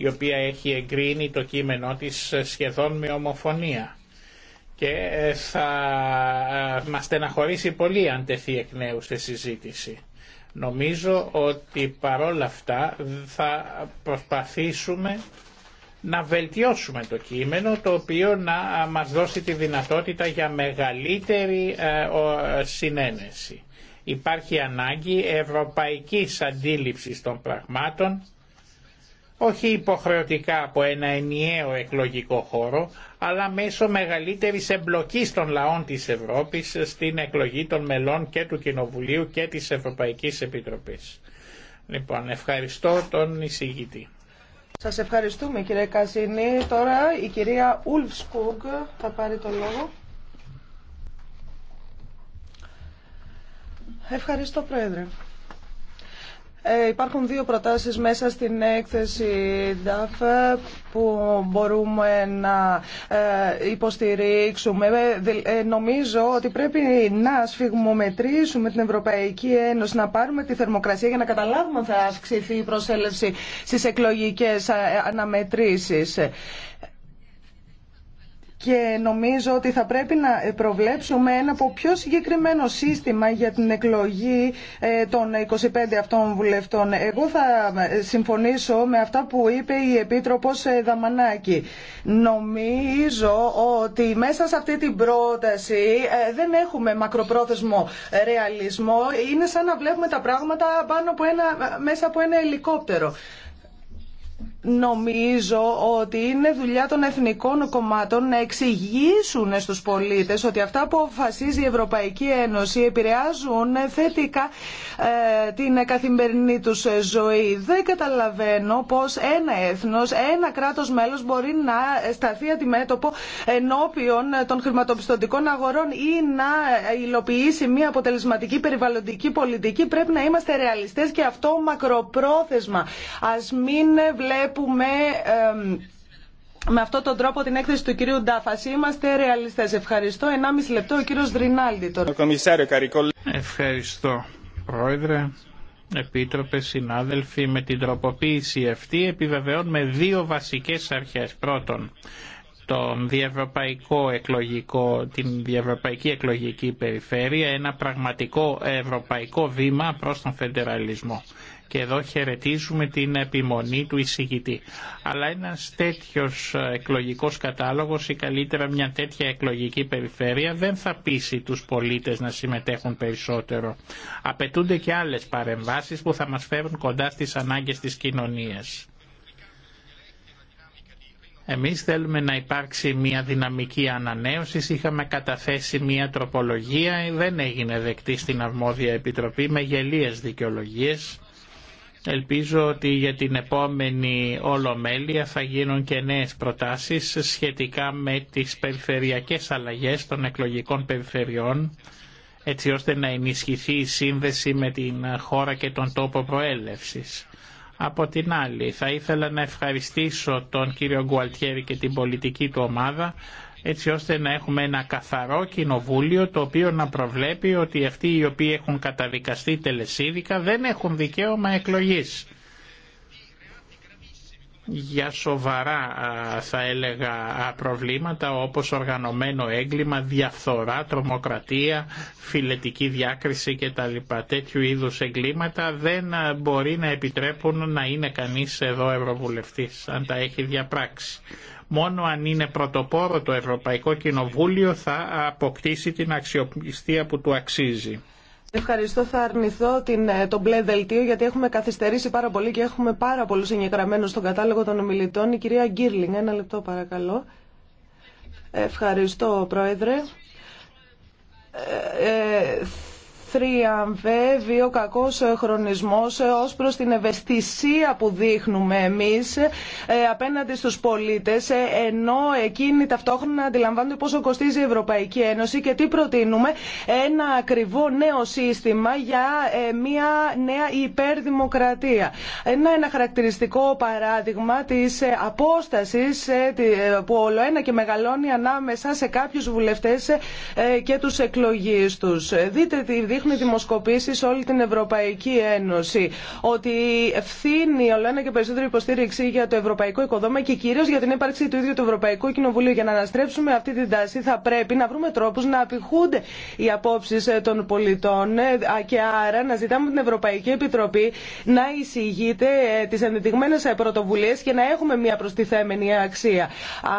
η οποία έχει εγκρίνει το κείμενό της σχεδόν με ομοφωνία και ε, θα ε, μας στεναχωρήσει πολύ αν τεθεί εκ νέου σε συζήτηση. Νομίζω ότι παρόλα αυτά θα προσπαθήσουμε να βελτιώσουμε το κείμενο το οποίο να ε, μας δώσει τη δυνατότητα για μεγαλύτερη συνένεση. Υπάρχει ανάγκη ευρωπαϊκής αντίληψης των πραγμάτων όχι υποχρεωτικά από ένα ενιαίο εκλογικό χώρο, αλλά μέσω μεγαλύτερης εμπλοκής των λαών της Ευρώπης στην εκλογή των μελών και του Κοινοβουλίου και της Ευρωπαϊκής Επιτροπής. Λοιπόν, ευχαριστώ τον εισηγητή. Σας ευχαριστούμε κύριε Καζίνη. Τώρα η κυρία Ουλφσκουγκ θα πάρει το λόγο. Ευχαριστώ Πρόεδρε. Ε, υπάρχουν δύο προτάσεις μέσα στην έκθεση DAF που μπορούμε να ε, υποστηρίξουμε. Ε, νομίζω ότι πρέπει να σφιγμομετρήσουμε την Ευρωπαϊκή Ένωση, να πάρουμε τη θερμοκρασία για να καταλάβουμε αν θα αυξηθεί η προσέλευση στις εκλογικές αναμετρήσεις και νομίζω ότι θα πρέπει να προβλέψουμε ένα από πιο συγκεκριμένο σύστημα για την εκλογή ε, των 25 αυτών βουλευτών. Εγώ θα συμφωνήσω με αυτά που είπε η Επίτροπος ε, Δαμανάκη. Νομίζω ότι μέσα σε αυτή την πρόταση ε, δεν έχουμε μακροπρόθεσμο ρεαλισμό. Είναι σαν να βλέπουμε τα πράγματα πάνω από ένα, μέσα από ένα ελικόπτερο. Νομίζω ότι είναι δουλειά των εθνικών κομμάτων να εξηγήσουν στους πολίτες ότι αυτά που αποφασίζει η Ευρωπαϊκή Ένωση επηρεάζουν θετικά ε, την καθημερινή τους ζωή. Δεν καταλαβαίνω πώς ένα έθνος, ένα κράτος μέλος μπορεί να σταθεί αντιμέτωπο ενώπιον των χρηματοπιστωτικών αγορών ή να υλοποιήσει μια αποτελεσματική περιβαλλοντική πολιτική. Πρέπει να είμαστε ρεαλιστές και αυτό μακροπρόθεσμα. Ας μην βλέπουμε βλέπουμε με αυτόν τον τρόπο την έκθεση του κυρίου Ντάφαση. Είμαστε ρεαλιστέ. Ευχαριστώ. 1,5 λεπτό ο κύριο Δρινάλντι τώρα. Ευχαριστώ, Πρόεδρε. Επίτροπε, συνάδελφοι, με την τροποποίηση αυτή επιβεβαιώνουμε δύο βασικές αρχές. Πρώτον, τον διευρωπαϊκό εκλογικό, την διευρωπαϊκή εκλογική περιφέρεια, ένα πραγματικό ευρωπαϊκό βήμα προς τον φεντεραλισμό και εδώ χαιρετίζουμε την επιμονή του εισηγητή. Αλλά ένας τέτοιος ε, εκλογικός κατάλογος ή καλύτερα μια τέτοια εκλογική περιφέρεια δεν θα πείσει τους πολίτες να συμμετέχουν περισσότερο. Απαιτούνται και άλλες παρεμβάσεις που θα μας φέρουν κοντά στις ανάγκες της κοινωνίας. Εμείς θέλουμε να υπάρξει μια δυναμική ανανέωση. Είχαμε καταθέσει μια τροπολογία, δεν έγινε δεκτή στην αρμόδια επιτροπή με γελίες δικαιολογίες. Ελπίζω ότι για την επόμενη ολομέλεια θα γίνουν και νέες προτάσεις σχετικά με τις περιφερειακές αλλαγές των εκλογικών περιφερειών έτσι ώστε να ενισχυθεί η σύνδεση με την χώρα και τον τόπο προέλευσης. Από την άλλη, θα ήθελα να ευχαριστήσω τον κύριο Γκουαλτιέρη και την πολιτική του ομάδα έτσι ώστε να έχουμε ένα καθαρό κοινοβούλιο το οποίο να προβλέπει ότι αυτοί οι οποίοι έχουν καταδικαστεί τελεσίδικα δεν έχουν δικαίωμα εκλογής. Για σοβαρά θα έλεγα προβλήματα όπως οργανωμένο έγκλημα, διαφθορά, τρομοκρατία, φιλετική διάκριση λοιπά Τέτοιου είδους εγκλήματα δεν μπορεί να επιτρέπουν να είναι κανείς εδώ ευρωβουλευτής αν τα έχει διαπράξει. Μόνο αν είναι πρωτοπόρο το Ευρωπαϊκό Κοινοβούλιο θα αποκτήσει την αξιοπιστία που του αξίζει. Ευχαριστώ. Θα αρνηθώ την, ε, το μπλε δελτίο γιατί έχουμε καθυστερήσει πάρα πολύ και έχουμε πάρα πολλού εγγεγραμμένου στον κατάλογο των ομιλητών. Η κυρία Γκίρλινγκ, ένα λεπτό παρακαλώ. Ευχαριστώ, Πρόεδρε. Ε, ε θρίαμβε, ο κακός χρονισμός ως προς την ευαισθησία που δείχνουμε εμείς ε, απέναντι στους πολίτες ε, ενώ εκείνοι ταυτόχρονα αντιλαμβάνονται πόσο κοστίζει η Ευρωπαϊκή Ένωση και τι προτείνουμε ένα ακριβό νέο σύστημα για ε, μια νέα υπερδημοκρατία. Ένα, ένα χαρακτηριστικό παράδειγμα της απόστασης που ολοένα και μεγαλώνει ανάμεσα σε κάποιους βουλευτές και τους εκλογείς τους. Δείτε δείχνουν οι δημοσκοπήσει σε όλη την Ευρωπαϊκή Ένωση. Ότι ευθύνη όλο ένα και περισσότερη υποστήριξη για το ευρωπαϊκό οικοδόμημα και κυρίω για την ύπαρξη του ίδιου του Ευρωπαϊκού Κοινοβουλίου. Για να αναστρέψουμε αυτή την τάση, θα πρέπει να βρούμε τρόπου να απηχούνται οι απόψει ε, των πολιτών ε, και άρα να ζητάμε την Ευρωπαϊκή Επιτροπή να εισηγείται ε, τι ενδεδειγμένε πρωτοβουλίε και να έχουμε μια προστιθέμενη αξία.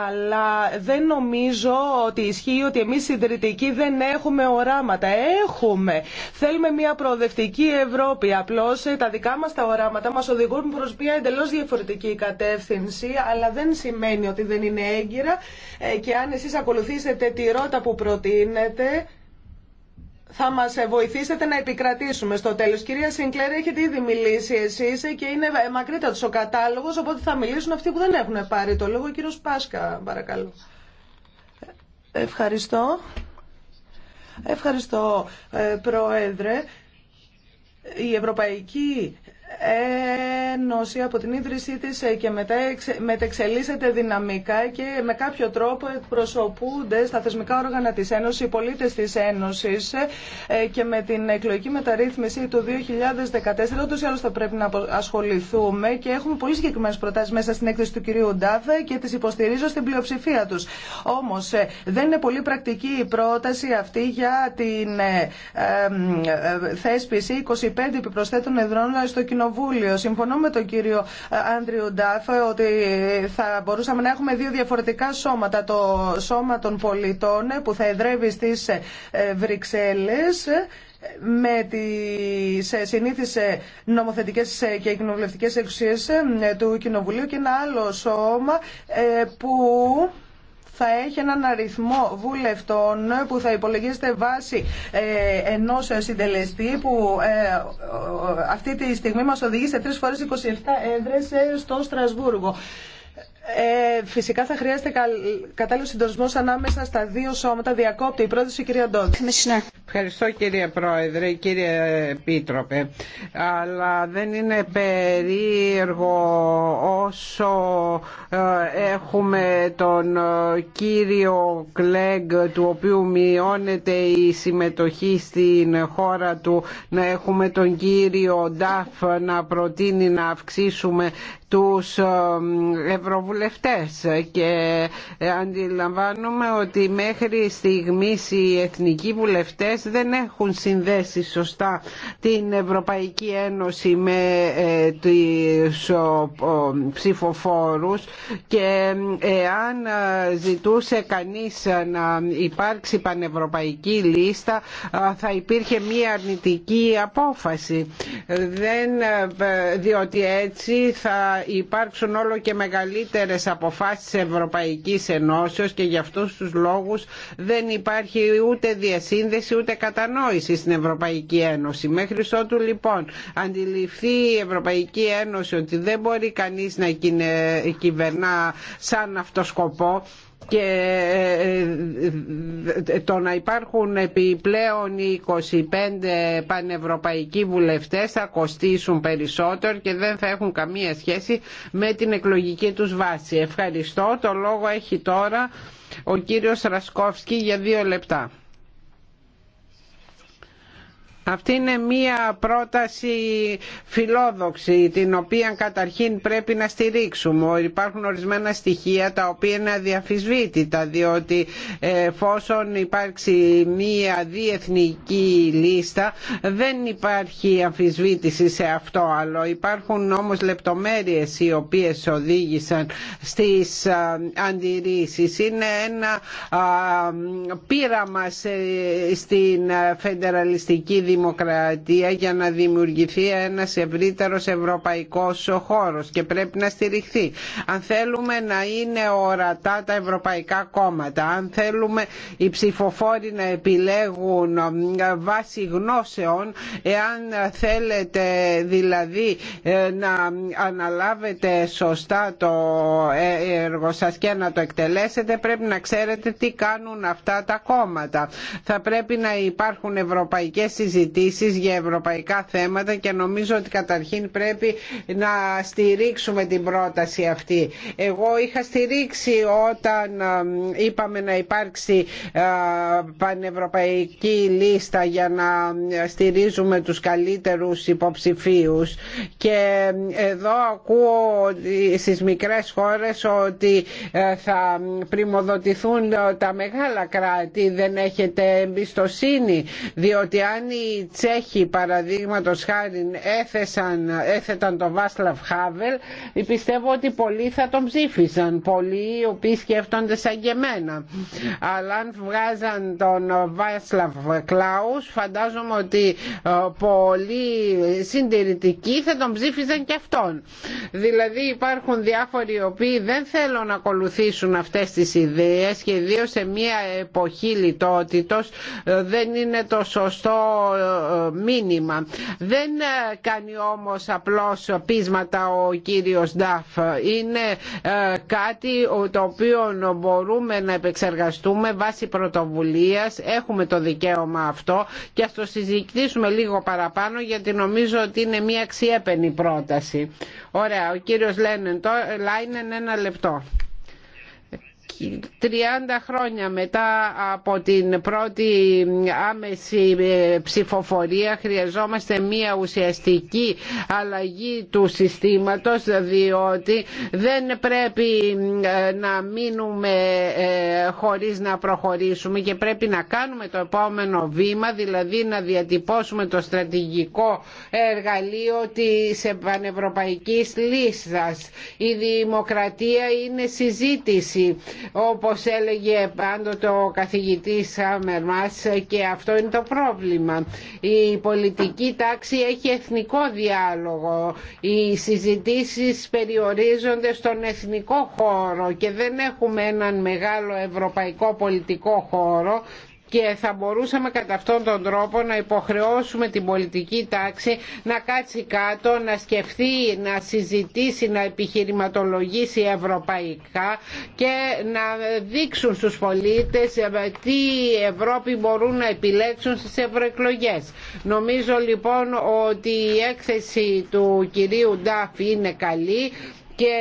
Αλλά δεν νομίζω ότι ισχύει ότι εμεί συντηρητικοί δεν έχουμε οράματα. Έχουμε. Θέλουμε μια προοδευτική Ευρώπη. Απλώ ε, τα δικά μα τα οράματα μα οδηγούν προ μια εντελώ διαφορετική κατεύθυνση, αλλά δεν σημαίνει ότι δεν είναι έγκυρα ε, και αν εσεί ακολουθήσετε τη ρότα που προτείνετε, θα μας ε, βοηθήσετε να επικρατήσουμε στο τέλος. Κυρία Σίνκλερ, έχετε ήδη μιλήσει εσείς και είναι μακρύτατο ο κατάλογο οπότε θα μιλήσουν αυτοί που δεν έχουν πάρει το λόγο. Ο Πάσκα, παρακαλώ. Ευχαριστώ. Ευχαριστώ, ε, Πρόεδρε. Η Ευρωπαϊκή Ένωση από την ίδρυσή της ε, και μετά μετεξελίσσεται δυναμικά και με κάποιο τρόπο εκπροσωπούνται στα θεσμικά όργανα της Ένωσης, οι πολίτες της Ένωσης ε, και με την εκλογική μεταρρύθμιση του 2014 όντως ή άλλως θα πρέπει να ασχοληθούμε και έχουμε πολύ συγκεκριμένε προτάσεις μέσα στην έκθεση του κυρίου Ντάφε και τις υποστηρίζω στην πλειοψηφία τους. Όμως ε, δεν είναι πολύ πρακτική η πρόταση αυτή για την θέσπιση 25 επιπροσθέτων εδρών στο Κοινοβούλιο. Συμφωνώ με τον κύριο ε, Άντριου Ντάφ ότι θα μπορούσαμε να έχουμε δύο διαφορετικά σώματα. Το σώμα των πολιτών που θα εδρεύει στις ε, Βρυξέλλες ε, με τις συνήθεις νομοθετικές και κοινοβουλευτικές εξουσίες του Κοινοβουλίου και ένα άλλο σώμα που θα έχει έναν αριθμό βουλευτών που θα υπολογίζεται βάσει ε, ενό ε, συντελεστή που ε, αυτή τη στιγμή μας οδηγεί σε τρει φορές 27 έδρες στο Στρασβούργο. Ε, φυσικά θα χρειάζεται κατάλληλο συντονισμό ανάμεσα στα δύο σώματα. διακόπτει η πρόταση, κυρία Ντότ. Ευχαριστώ κύριε Πρόεδρε, κύριε πίτροπε. Αλλά δεν είναι περίεργο όσο ε, έχουμε τον ε, κύριο Κλέγκ του οποίου μειώνεται η συμμετοχή στην χώρα του να έχουμε τον κύριο Νταφ να προτείνει να αυξήσουμε τους ε, ευρωβουλευτές και αντιλαμβάνομαι ότι μέχρι στιγμής οι εθνικοί βουλευτές δεν έχουν συνδέσει σωστά την Ευρωπαϊκή Ένωση με ε, τους ψηφοφόρους και εάν ζητούσε κανείς να υπάρξει πανευρωπαϊκή λίστα θα υπήρχε μία αρνητική απόφαση δεν, ε, διότι έτσι θα υπάρξουν όλο και μεγαλύτερες αποφάσεις Ευρωπαϊκής Ενώσεως και γι' αυτούς τους λόγους δεν υπάρχει ούτε διασύνδεση ούτε κατανόηση στην Ευρωπαϊκή Ένωση. Μέχρι ότου λοιπόν αντιληφθεί η Ευρωπαϊκή Ένωση ότι δεν μπορεί κανείς να κυβερνά σαν αυτό σκοπό, και ε, ε, το να υπάρχουν επιπλέον 25 πανευρωπαϊκοί βουλευτές θα κοστίσουν περισσότερο και δεν θα έχουν καμία σχέση με την εκλογική τους βάση. Ευχαριστώ. Το λόγο έχει τώρα ο κύριος Ρασκόφσκι για δύο λεπτά. Αυτή είναι μία πρόταση φιλόδοξη την οποία καταρχήν πρέπει να στηρίξουμε. Υπάρχουν ορισμένα στοιχεία τα οποία είναι αδιαφυσβήτητα διότι ε, εφόσον υπάρξει μία διεθνική λίστα δεν υπάρχει αμφισβήτηση σε αυτό άλλο. Υπάρχουν όμως λεπτομέρειες οι οποίες οδήγησαν στις ε, αντιρρήσεις. Είναι ένα πείραμα στην ε, φεντεραλιστική δημιουργία δημοκρατία για να δημιουργηθεί ένας ευρύτερος ευρωπαϊκός χώρος και πρέπει να στηριχθεί. Αν θέλουμε να είναι ορατά τα ευρωπαϊκά κόμματα, αν θέλουμε οι ψηφοφόροι να επιλέγουν βάση γνώσεων, εάν θέλετε δηλαδή ε, να αναλάβετε σωστά το ε, έργο σας και να το εκτελέσετε, πρέπει να ξέρετε τι κάνουν αυτά τα κόμματα. Θα πρέπει να υπάρχουν ευρωπαϊκές συζητήσεις συζητήσεις για ευρωπαϊκά θέματα και νομίζω ότι καταρχήν πρέπει να στηρίξουμε την πρόταση αυτή. Εγώ είχα στηρίξει όταν ε, είπαμε να υπάρξει ε, πανευρωπαϊκή λίστα για να στηρίζουμε τους καλύτερους υποψηφίους και ε, εδώ ακούω στις μικρές χώρες ότι θα πρημοδοτηθούν τα μεγάλα κράτη δεν έχετε εμπιστοσύνη διότι αν οι Τσέχοι παραδείγματο χάρη έθεσαν, έθεταν τον Βάσλαβ Χάβελ πιστεύω ότι πολλοί θα τον ψήφισαν πολλοί οι οποίοι σκέφτονται σαν και εμένα αλλά αν βγάζαν τον Βάσλαβ Κλάους φαντάζομαι ότι ε, πολλοί συντηρητικοί θα τον ψήφιζαν και αυτόν δηλαδή υπάρχουν διάφοροι οι οποίοι δεν θέλουν να ακολουθήσουν αυτές τι ιδέε και ιδίω σε μια εποχή λιτότητος ε, δεν είναι το σωστό μήνυμα. Δεν ε, κάνει όμως απλώς πείσματα ο κύριος Νταφ. Είναι ε, κάτι το οποίο μπορούμε να επεξεργαστούμε βάσει πρωτοβουλίας. Έχουμε το δικαίωμα αυτό και ας το συζητήσουμε λίγο παραπάνω γιατί νομίζω ότι είναι μια αξιέπαινη πρόταση. Ωραία, ο κύριος Λένεν, Λάινεν ένα λεπτό. 30 χρόνια μετά από την πρώτη άμεση ε, ψηφοφορία χρειαζόμαστε μία ουσιαστική αλλαγή του συστήματος διότι δεν πρέπει ε, να μείνουμε ε, χωρίς να προχωρήσουμε και πρέπει να κάνουμε το επόμενο βήμα δηλαδή να διατυπώσουμε το στρατηγικό εργαλείο της πανευρωπαϊκής λίστας. Η δημοκρατία είναι συζήτηση όπως έλεγε πάντοτε ο καθηγητής Αμερμάς και αυτό είναι το πρόβλημα. Η πολιτική τάξη έχει εθνικό διάλογο. Οι συζητήσεις περιορίζονται στον εθνικό χώρο και δεν έχουμε έναν μεγάλο ευρωπαϊκό πολιτικό χώρο και θα μπορούσαμε κατά αυτόν τον τρόπο να υποχρεώσουμε την πολιτική τάξη να κάτσει κάτω, να σκεφτεί, να συζητήσει, να επιχειρηματολογήσει ευρωπαϊκά και να δείξουν στους πολίτες ε, τι Ευρώπη μπορούν να επιλέξουν στις ευρωεκλογέ. Νομίζω λοιπόν ότι η έκθεση του κυρίου Ντάφ είναι καλή και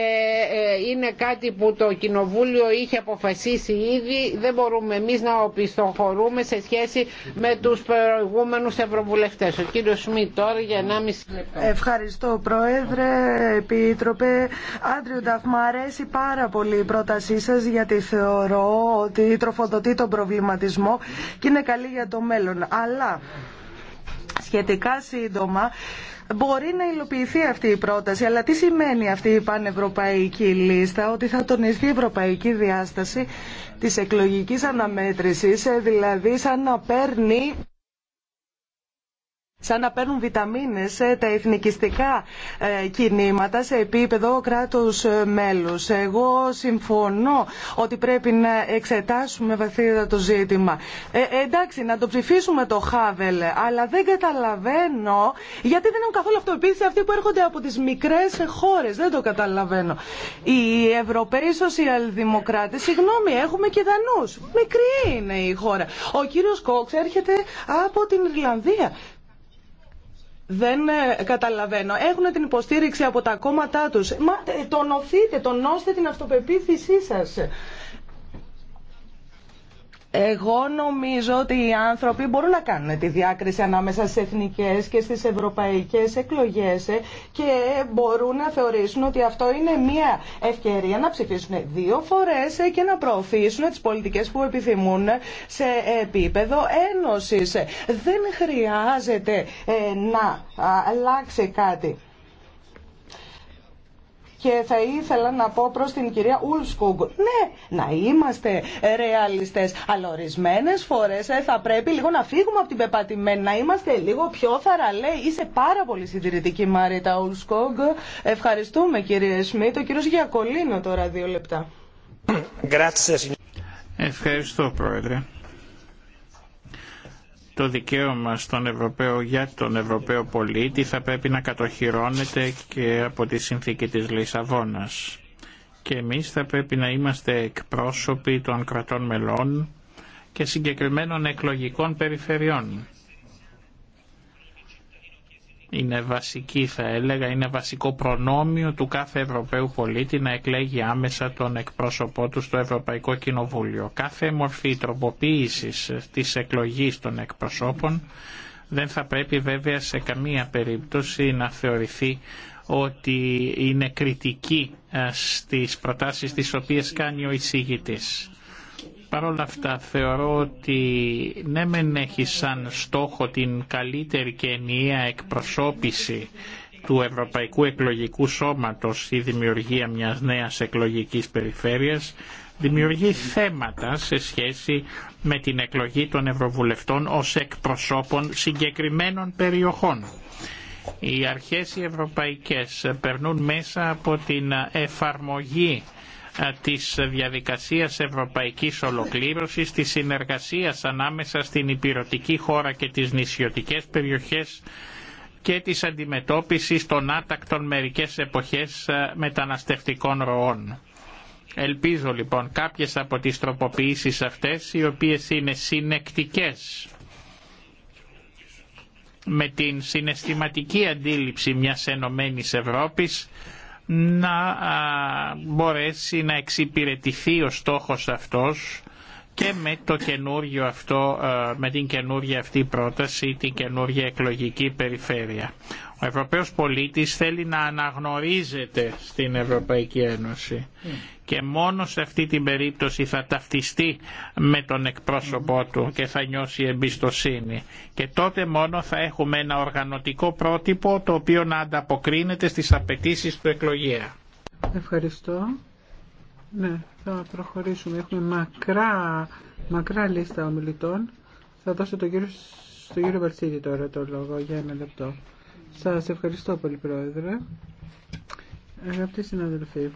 ε, είναι κάτι που το Κοινοβούλιο είχε αποφασίσει ήδη δεν μπορούμε εμείς να οπισθοχωρούμε σε σχέση με τους προηγούμενους ευρωβουλευτές. Ο κύριος Σμιτ τώρα για 1,5 λεπτό. Ευχαριστώ Πρόεδρε, Επίτροπε. Άντριο Νταφ, αρέσει πάρα πολύ η πρότασή σας γιατί θεωρώ ότι τροφοδοτεί τον προβληματισμό και είναι καλή για το μέλλον. Αλλά σχετικά σύντομα Μπορεί να υλοποιηθεί αυτή η πρόταση, αλλά τι σημαίνει αυτή η πανευρωπαϊκή λίστα, ότι θα τονιστεί η ευρωπαϊκή διάσταση της εκλογικής αναμέτρησης, ε, δηλαδή σαν να παίρνει σαν να παίρνουν βιταμίνες τα εθνικιστικά ε, κινήματα σε επίπεδο κράτους ε, μέλους. Εγώ συμφωνώ ότι πρέπει να εξετάσουμε βαθύτερα το ζήτημα. Ε, εντάξει, να το ψηφίσουμε το χάβελε αλλά δεν καταλαβαίνω γιατί δεν έχουν καθόλου αυτοεπίθεση αυτοί που έρχονται από τις μικρές χώρες. Δεν το καταλαβαίνω. Οι Ευρωπαίοι Σοσιαλδημοκράτες, συγγνώμη, έχουμε και Δανούς. Μικρή είναι η χώρα. Ο κύριος Κόξ έρχεται από την Ιρλανδία. Δεν ε, καταλαβαίνω. Έχουν την υποστήριξη από τα κόμματά τους. Μα ε, τονωθείτε, τονώστε την αυτοπεποίθησή σας. Εγώ νομίζω ότι οι άνθρωποι μπορούν να κάνουν τη διάκριση ανάμεσα στις εθνικές και στις ευρωπαϊκές εκλογές ε, και μπορούν να θεωρήσουν ότι αυτό είναι μια ευκαιρία να ψηφίσουν δύο φορές ε, και να προωθήσουν τις πολιτικές που επιθυμούν σε επίπεδο ένωσης. Δεν χρειάζεται ε, να αλλάξει κάτι. Και θα ήθελα να πω προς την κυρία Ουλσκούγκ, ναι, να είμαστε ρεαλιστές, αλλά ορισμένε φορές ε, θα πρέπει λίγο να φύγουμε από την πεπατημένη, να είμαστε λίγο πιο θαραλέ. Είσαι πάρα πολύ συντηρητική Μαρίτα Ουλσκούγκ. Ευχαριστούμε κύριε Σμίτ. Ο κύριο Γιακολίνο τώρα δύο λεπτά. Ευχαριστώ πρόεδρε το δικαίωμα στον Ευρωπαίο για τον Ευρωπαίο πολίτη θα πρέπει να κατοχυρώνεται και από τη συνθήκη της Λισαβόνας. Και εμείς θα πρέπει να είμαστε εκπρόσωποι των κρατών μελών και συγκεκριμένων εκλογικών περιφερειών είναι βασική θα έλεγα, είναι βασικό προνόμιο του κάθε Ευρωπαίου πολίτη να εκλέγει άμεσα τον εκπρόσωπό του στο Ευρωπαϊκό Κοινοβούλιο. Κάθε μορφή τροποποίησης της εκλογής των εκπροσώπων δεν θα πρέπει βέβαια σε καμία περίπτωση να θεωρηθεί ότι είναι κριτική ε, στις προτάσεις τις οποίες κάνει ο εισηγητής. Παρ' όλα αυτά θεωρώ ότι ναι μεν έχει σαν στόχο την καλύτερη και ενιαία εκπροσώπηση του Ευρωπαϊκού Εκλογικού Σώματος η δημιουργία μιας νέας εκλογικής περιφέρειας δημιουργεί θέματα σε σχέση με την εκλογή των Ευρωβουλευτών ως εκπροσώπων συγκεκριμένων περιοχών. Οι αρχές οι ευρωπαϊκές περνούν μέσα από την εφαρμογή της διαδικασίας ευρωπαϊκής ολοκλήρωσης, της συνεργασίας ανάμεσα στην υπηρετική χώρα και τις νησιωτικές περιοχές και της αντιμετώπισης των άτακτων μερικές εποχές ε, μεταναστευτικών ροών. Ελπίζω λοιπόν κάποιες από τις τροποποιήσεις αυτές οι οποίες είναι συνεκτικές με την συναισθηματική αντίληψη μιας ενωμένης Ευρώπης να μπορέσει να εξυπηρετηθεί ο στόχος αυτός και με το καινούργιο αυτό, με την καινούργια αυτή πρόταση, την καινούργια εκλογική περιφέρεια. Ο Ευρωπαίος πολίτης θέλει να αναγνωρίζεται στην Ευρωπαϊκή Ένωση και μόνο σε αυτή την περίπτωση θα ταυτιστεί με τον εκπρόσωπό του και θα νιώσει εμπιστοσύνη. Και τότε μόνο θα έχουμε ένα οργανωτικό πρότυπο το οποίο να ανταποκρίνεται στις απαιτήσεις του εκλογέα. Ευχαριστώ. Ναι, θα προχωρήσουμε. Έχουμε μακρά, μακρά λίστα ομιλητών. Θα δώσω τον κύριο, στον κύριο Βαρσίδη τώρα το λόγο για ένα λεπτό. Σας ευχαριστώ πολύ Πρόεδρε. Αγαπητοί συναδελφοί,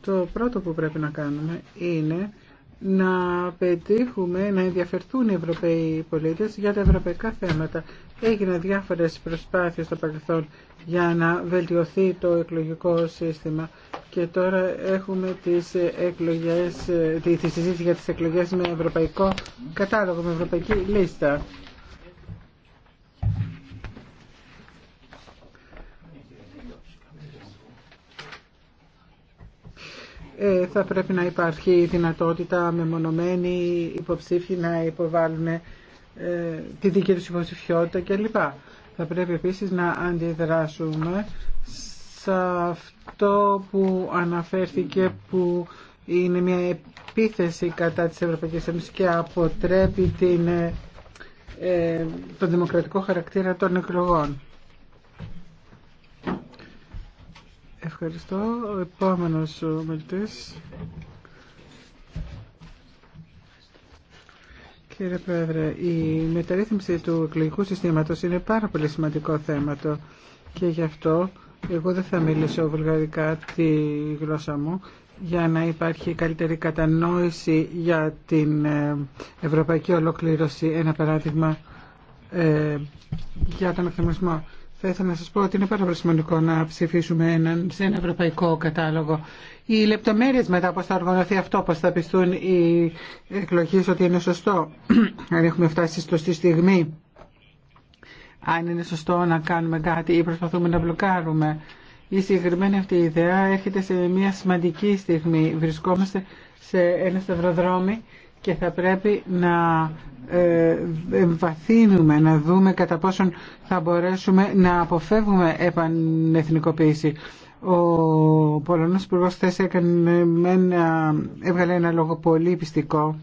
το πρώτο που πρέπει να κάνουμε είναι να πετύχουμε να ενδιαφερθούν οι Ευρωπαίοι πολίτες για τα ευρωπαϊκά θέματα. Έγιναν διάφορες προσπάθειες στο παρελθόν για να βελτιωθεί το εκλογικό σύστημα και τώρα έχουμε τις εκλογές, τη, τη συζήτηση για τις εκλογές με ευρωπαϊκό κατάλογο, με ευρωπαϊκή λίστα. Ε, θα πρέπει να υπάρχει η δυνατότητα μονομενοι υποψήφοι να υποβάλουν ε, τη δική τους υποψηφιότητα κλπ. Θα πρέπει επίσης να αντιδράσουμε σε αυτό που αναφέρθηκε που είναι μια επίθεση κατά της Ευρωπαϊκής Ένωση και αποτρέπει την, ε, τον δημοκρατικό χαρακτήρα των εκλογών. Ευχαριστώ. Ο επόμενος ομιλητής. Κύριε Πρόεδρε, η μεταρρύθμιση του εκλογικού συστήματος είναι πάρα πολύ σημαντικό θέμα και γι' αυτό εγώ δεν θα μιλήσω βουλγαρικά τη γλώσσα μου για να υπάρχει καλύτερη κατανόηση για την ε, ευρωπαϊκή ολοκλήρωση. Ένα παράδειγμα ε, για τον εκθεμισμό. Θα ήθελα να σας πω ότι είναι πάρα πολύ σημαντικό να ψηφίσουμε έναν, σε ένα ευρωπαϊκό κατάλογο. Οι λεπτομέρειες μετά πώς θα οργανωθεί αυτό, πώς θα πιστούν οι εκλογές ότι είναι σωστό, αν έχουμε φτάσει στο στη στιγμή, αν είναι σωστό να κάνουμε κάτι ή προσπαθούμε να μπλοκάρουμε. Η συγκεκριμένη αυτή ιδέα έρχεται σε μια σημαντική στιγμή. Βρισκόμαστε σε ένα σταυροδρόμι και θα πρέπει να ε, εμβαθύνουμε, να δούμε κατά πόσον θα μπορέσουμε να αποφεύγουμε επανεθνικοποίηση. Ο Πολωνός Υπουργός χθες έβγαλε ένα λόγο πολύ πιστικό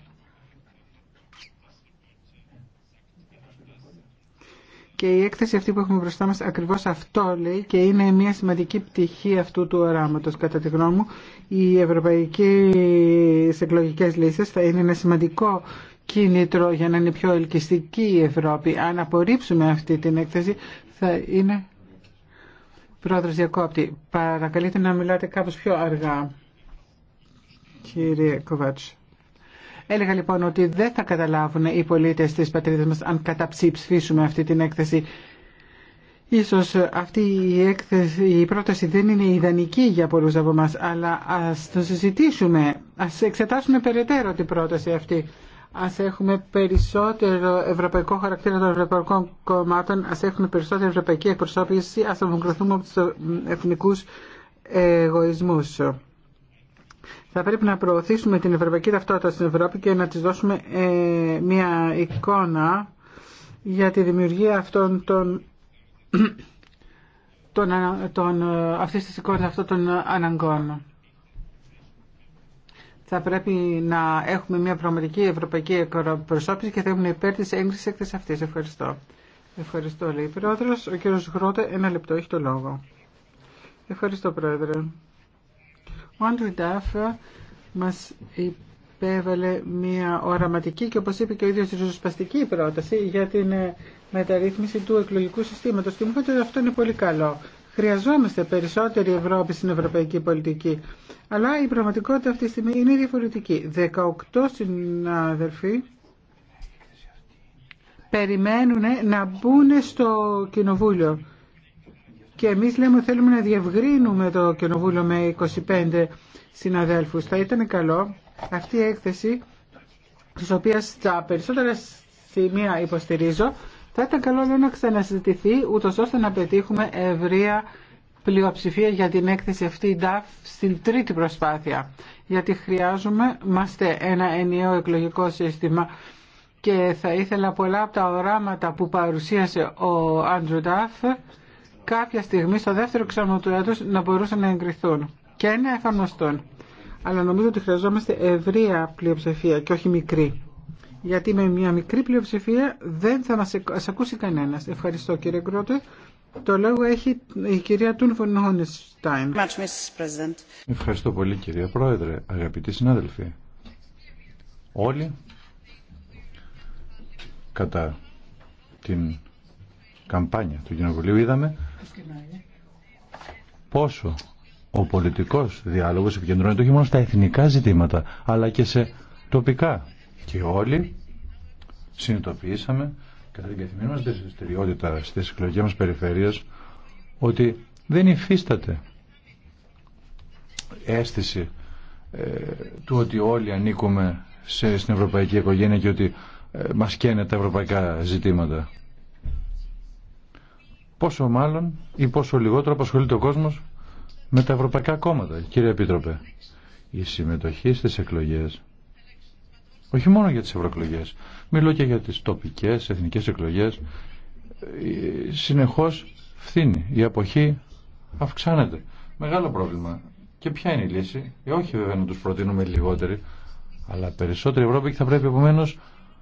Και η έκθεση αυτή που έχουμε μπροστά μας ακριβώς αυτό λέει και είναι μια σημαντική πτυχή αυτού του οράματος. Κατά τη γνώμη μου, οι ευρωπαϊκές εκλογικέ λύσεις θα είναι ένα σημαντικό κίνητρο για να είναι πιο ελκυστική η Ευρώπη. Αν απορρίψουμε αυτή την έκθεση θα είναι... Πρόεδρος Διακόπτη, παρακαλείτε να μιλάτε κάπως πιο αργά, κύριε Έλεγα λοιπόν ότι δεν θα καταλάβουν οι πολίτες της πατρίδας μας αν καταψηφίσουμε αυτή την έκθεση. Ίσως αυτή η, έκθεση, η πρόταση δεν είναι ιδανική για πολλούς από μας, αλλά ας το συζητήσουμε, ας εξετάσουμε περαιτέρω την πρόταση αυτή. Ας έχουμε περισσότερο ευρωπαϊκό χαρακτήρα των ευρωπαϊκών κομμάτων, ας έχουμε περισσότερη ευρωπαϊκή εκπροσώπηση, ας από τους εθνικούς εγωισμούς. Θα πρέπει να προωθήσουμε την ευρωπαϊκή ταυτότητα στην Ευρώπη και να της δώσουμε ε, μια εικόνα για τη δημιουργία αυτών των, των, ε, αυτής της εικόνας, αυτών των αναγκών. Θα πρέπει να έχουμε μια πραγματική ευρωπαϊκή προσώπηση και θα έχουμε υπέρ της έγκρισης έκθεσης αυτής. Ευχαριστώ. Ευχαριστώ, λέει η Πρόεδρος. Ο κύριος Γρότε, ένα λεπτό, έχει το λόγο. Ευχαριστώ, Πρόεδρε. Ο Άντρου Ντάφ μας υπέβαλε μια οραματική και όπως είπε και ο ίδιος ριζοσπαστική πρόταση για την ε, μεταρρύθμιση του εκλογικού συστήματος και μου ότι αυτό είναι πολύ καλό. Χρειαζόμαστε περισσότερη Ευρώπη στην ευρωπαϊκή πολιτική. Αλλά η πραγματικότητα αυτή τη στιγμή είναι διαφορετική. 18 συνάδελφοι περιμένουν να μπουν στο κοινοβούλιο και εμείς λέμε ότι θέλουμε να διευγρύνουμε το κοινοβούλιο με 25 συναδέλφους. Θα ήταν καλό αυτή η έκθεση, τη οποία τα περισσότερα σημεία υποστηρίζω, θα ήταν καλό να ξανασυζητηθεί ούτως ώστε να πετύχουμε ευρεία πλειοψηφία για την έκθεση αυτή η DAF στην τρίτη προσπάθεια. Γιατί χρειάζομαι, είμαστε ένα ενιαίο εκλογικό σύστημα και θα ήθελα πολλά από τα οράματα που παρουσίασε ο Άντρου Ντάφ κάποια στιγμή στο δεύτερο εξάμεινο του έτους να μπορούσαν να εγκριθούν και να εφαρμοστούν. Αλλά νομίζω ότι χρειαζόμαστε ευρεία πλειοψηφία και όχι μικρή. Γιατί με μια μικρή πλειοψηφία δεν θα μας ακούσει κανένας. Ευχαριστώ κύριε Κρότε. Το λόγο έχει η κυρία του Χόνιστάιν. Ευχαριστώ πολύ κυρία Πρόεδρε, αγαπητοί συνάδελφοι. Όλοι κατά την καμπάνια του Κοινοβουλίου είδαμε πόσο ο πολιτικός διάλογος επικεντρώνεται όχι μόνο στα εθνικά ζητήματα αλλά και σε τοπικά και όλοι συνειδητοποιήσαμε κατά την καθημερινή μας δραστηριότητα στις εκλογές μας περιφέρειας ότι δεν υφίσταται αίσθηση ε, του ότι όλοι ανήκουμε σε, στην ευρωπαϊκή οικογένεια και ότι ε, μας καίνε τα ευρωπαϊκά ζητήματα πόσο μάλλον ή πόσο λιγότερο απασχολείται ο κόσμος με τα ευρωπαϊκά κόμματα, κύριε Επίτροπε. Η συμμετοχή στις εκλογές, όχι μόνο για τις ευρωεκλογέ, μιλώ και για τις τοπικές, εθνικές εκλογές, ε, συνεχώς φθήνει, η αποχή αυξάνεται. Μεγάλο πρόβλημα. Και ποια είναι η λύση. Ε, όχι βέβαια να τους προτείνουμε λιγότεροι, αλλά περισσότερη Ευρώπη και θα πρέπει επομένω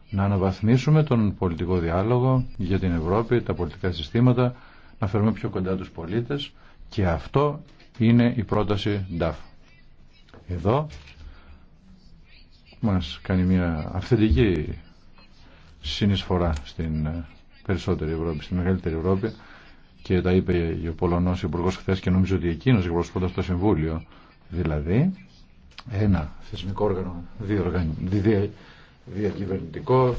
να αναβαθμίσουμε τον πολιτικό διάλογο για την Ευρώπη, τα πολιτικά συστήματα, να φέρουμε πιο κοντά τους πολίτες και αυτό είναι η πρόταση DAF. Εδώ μας κάνει μια αυθεντική συνεισφορά στην περισσότερη Ευρώπη, στη μεγαλύτερη Ευρώπη και τα είπε ο Πολωνός Υπουργός χθε και νομίζω ότι εκείνος εκπροσωπώντας το Συμβούλιο δηλαδή ένα θεσμικό όργανο διακυβερνητικό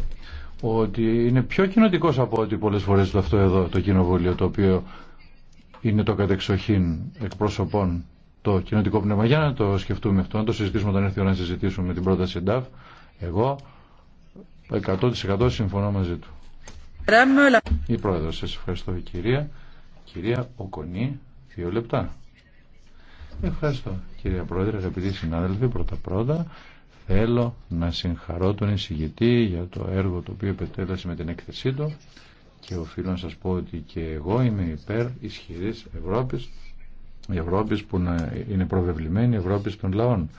ότι είναι πιο κοινοτικό από ό,τι πολλές φορές το αυτό εδώ το κοινοβούλιο το οποίο είναι το κατεξοχήν εκπρόσωπών το κοινοτικό πνεύμα. Για να το σκεφτούμε αυτό, να το συζητήσουμε όταν έρθει η ώρα να συζητήσουμε την πρόταση ΕΝΤΑΦ. Εγώ 100% συμφωνώ μαζί του. Η πρόεδρο, σα ευχαριστώ κυρία. Κυρία Οκονή, δύο λεπτά. Ευχαριστώ κυρία Πρόεδρε, αγαπητοί συνάδελφοι, πρώτα πρώτα Θέλω να συγχαρώ τον εισηγητή για το έργο το οποίο επετέλεσε με την έκθεσή του και οφείλω να σας πω ότι και εγώ είμαι υπέρ ισχυρής Ευρώπης Ευρώπη που είναι προβεβλημένη Ευρώπη των λαών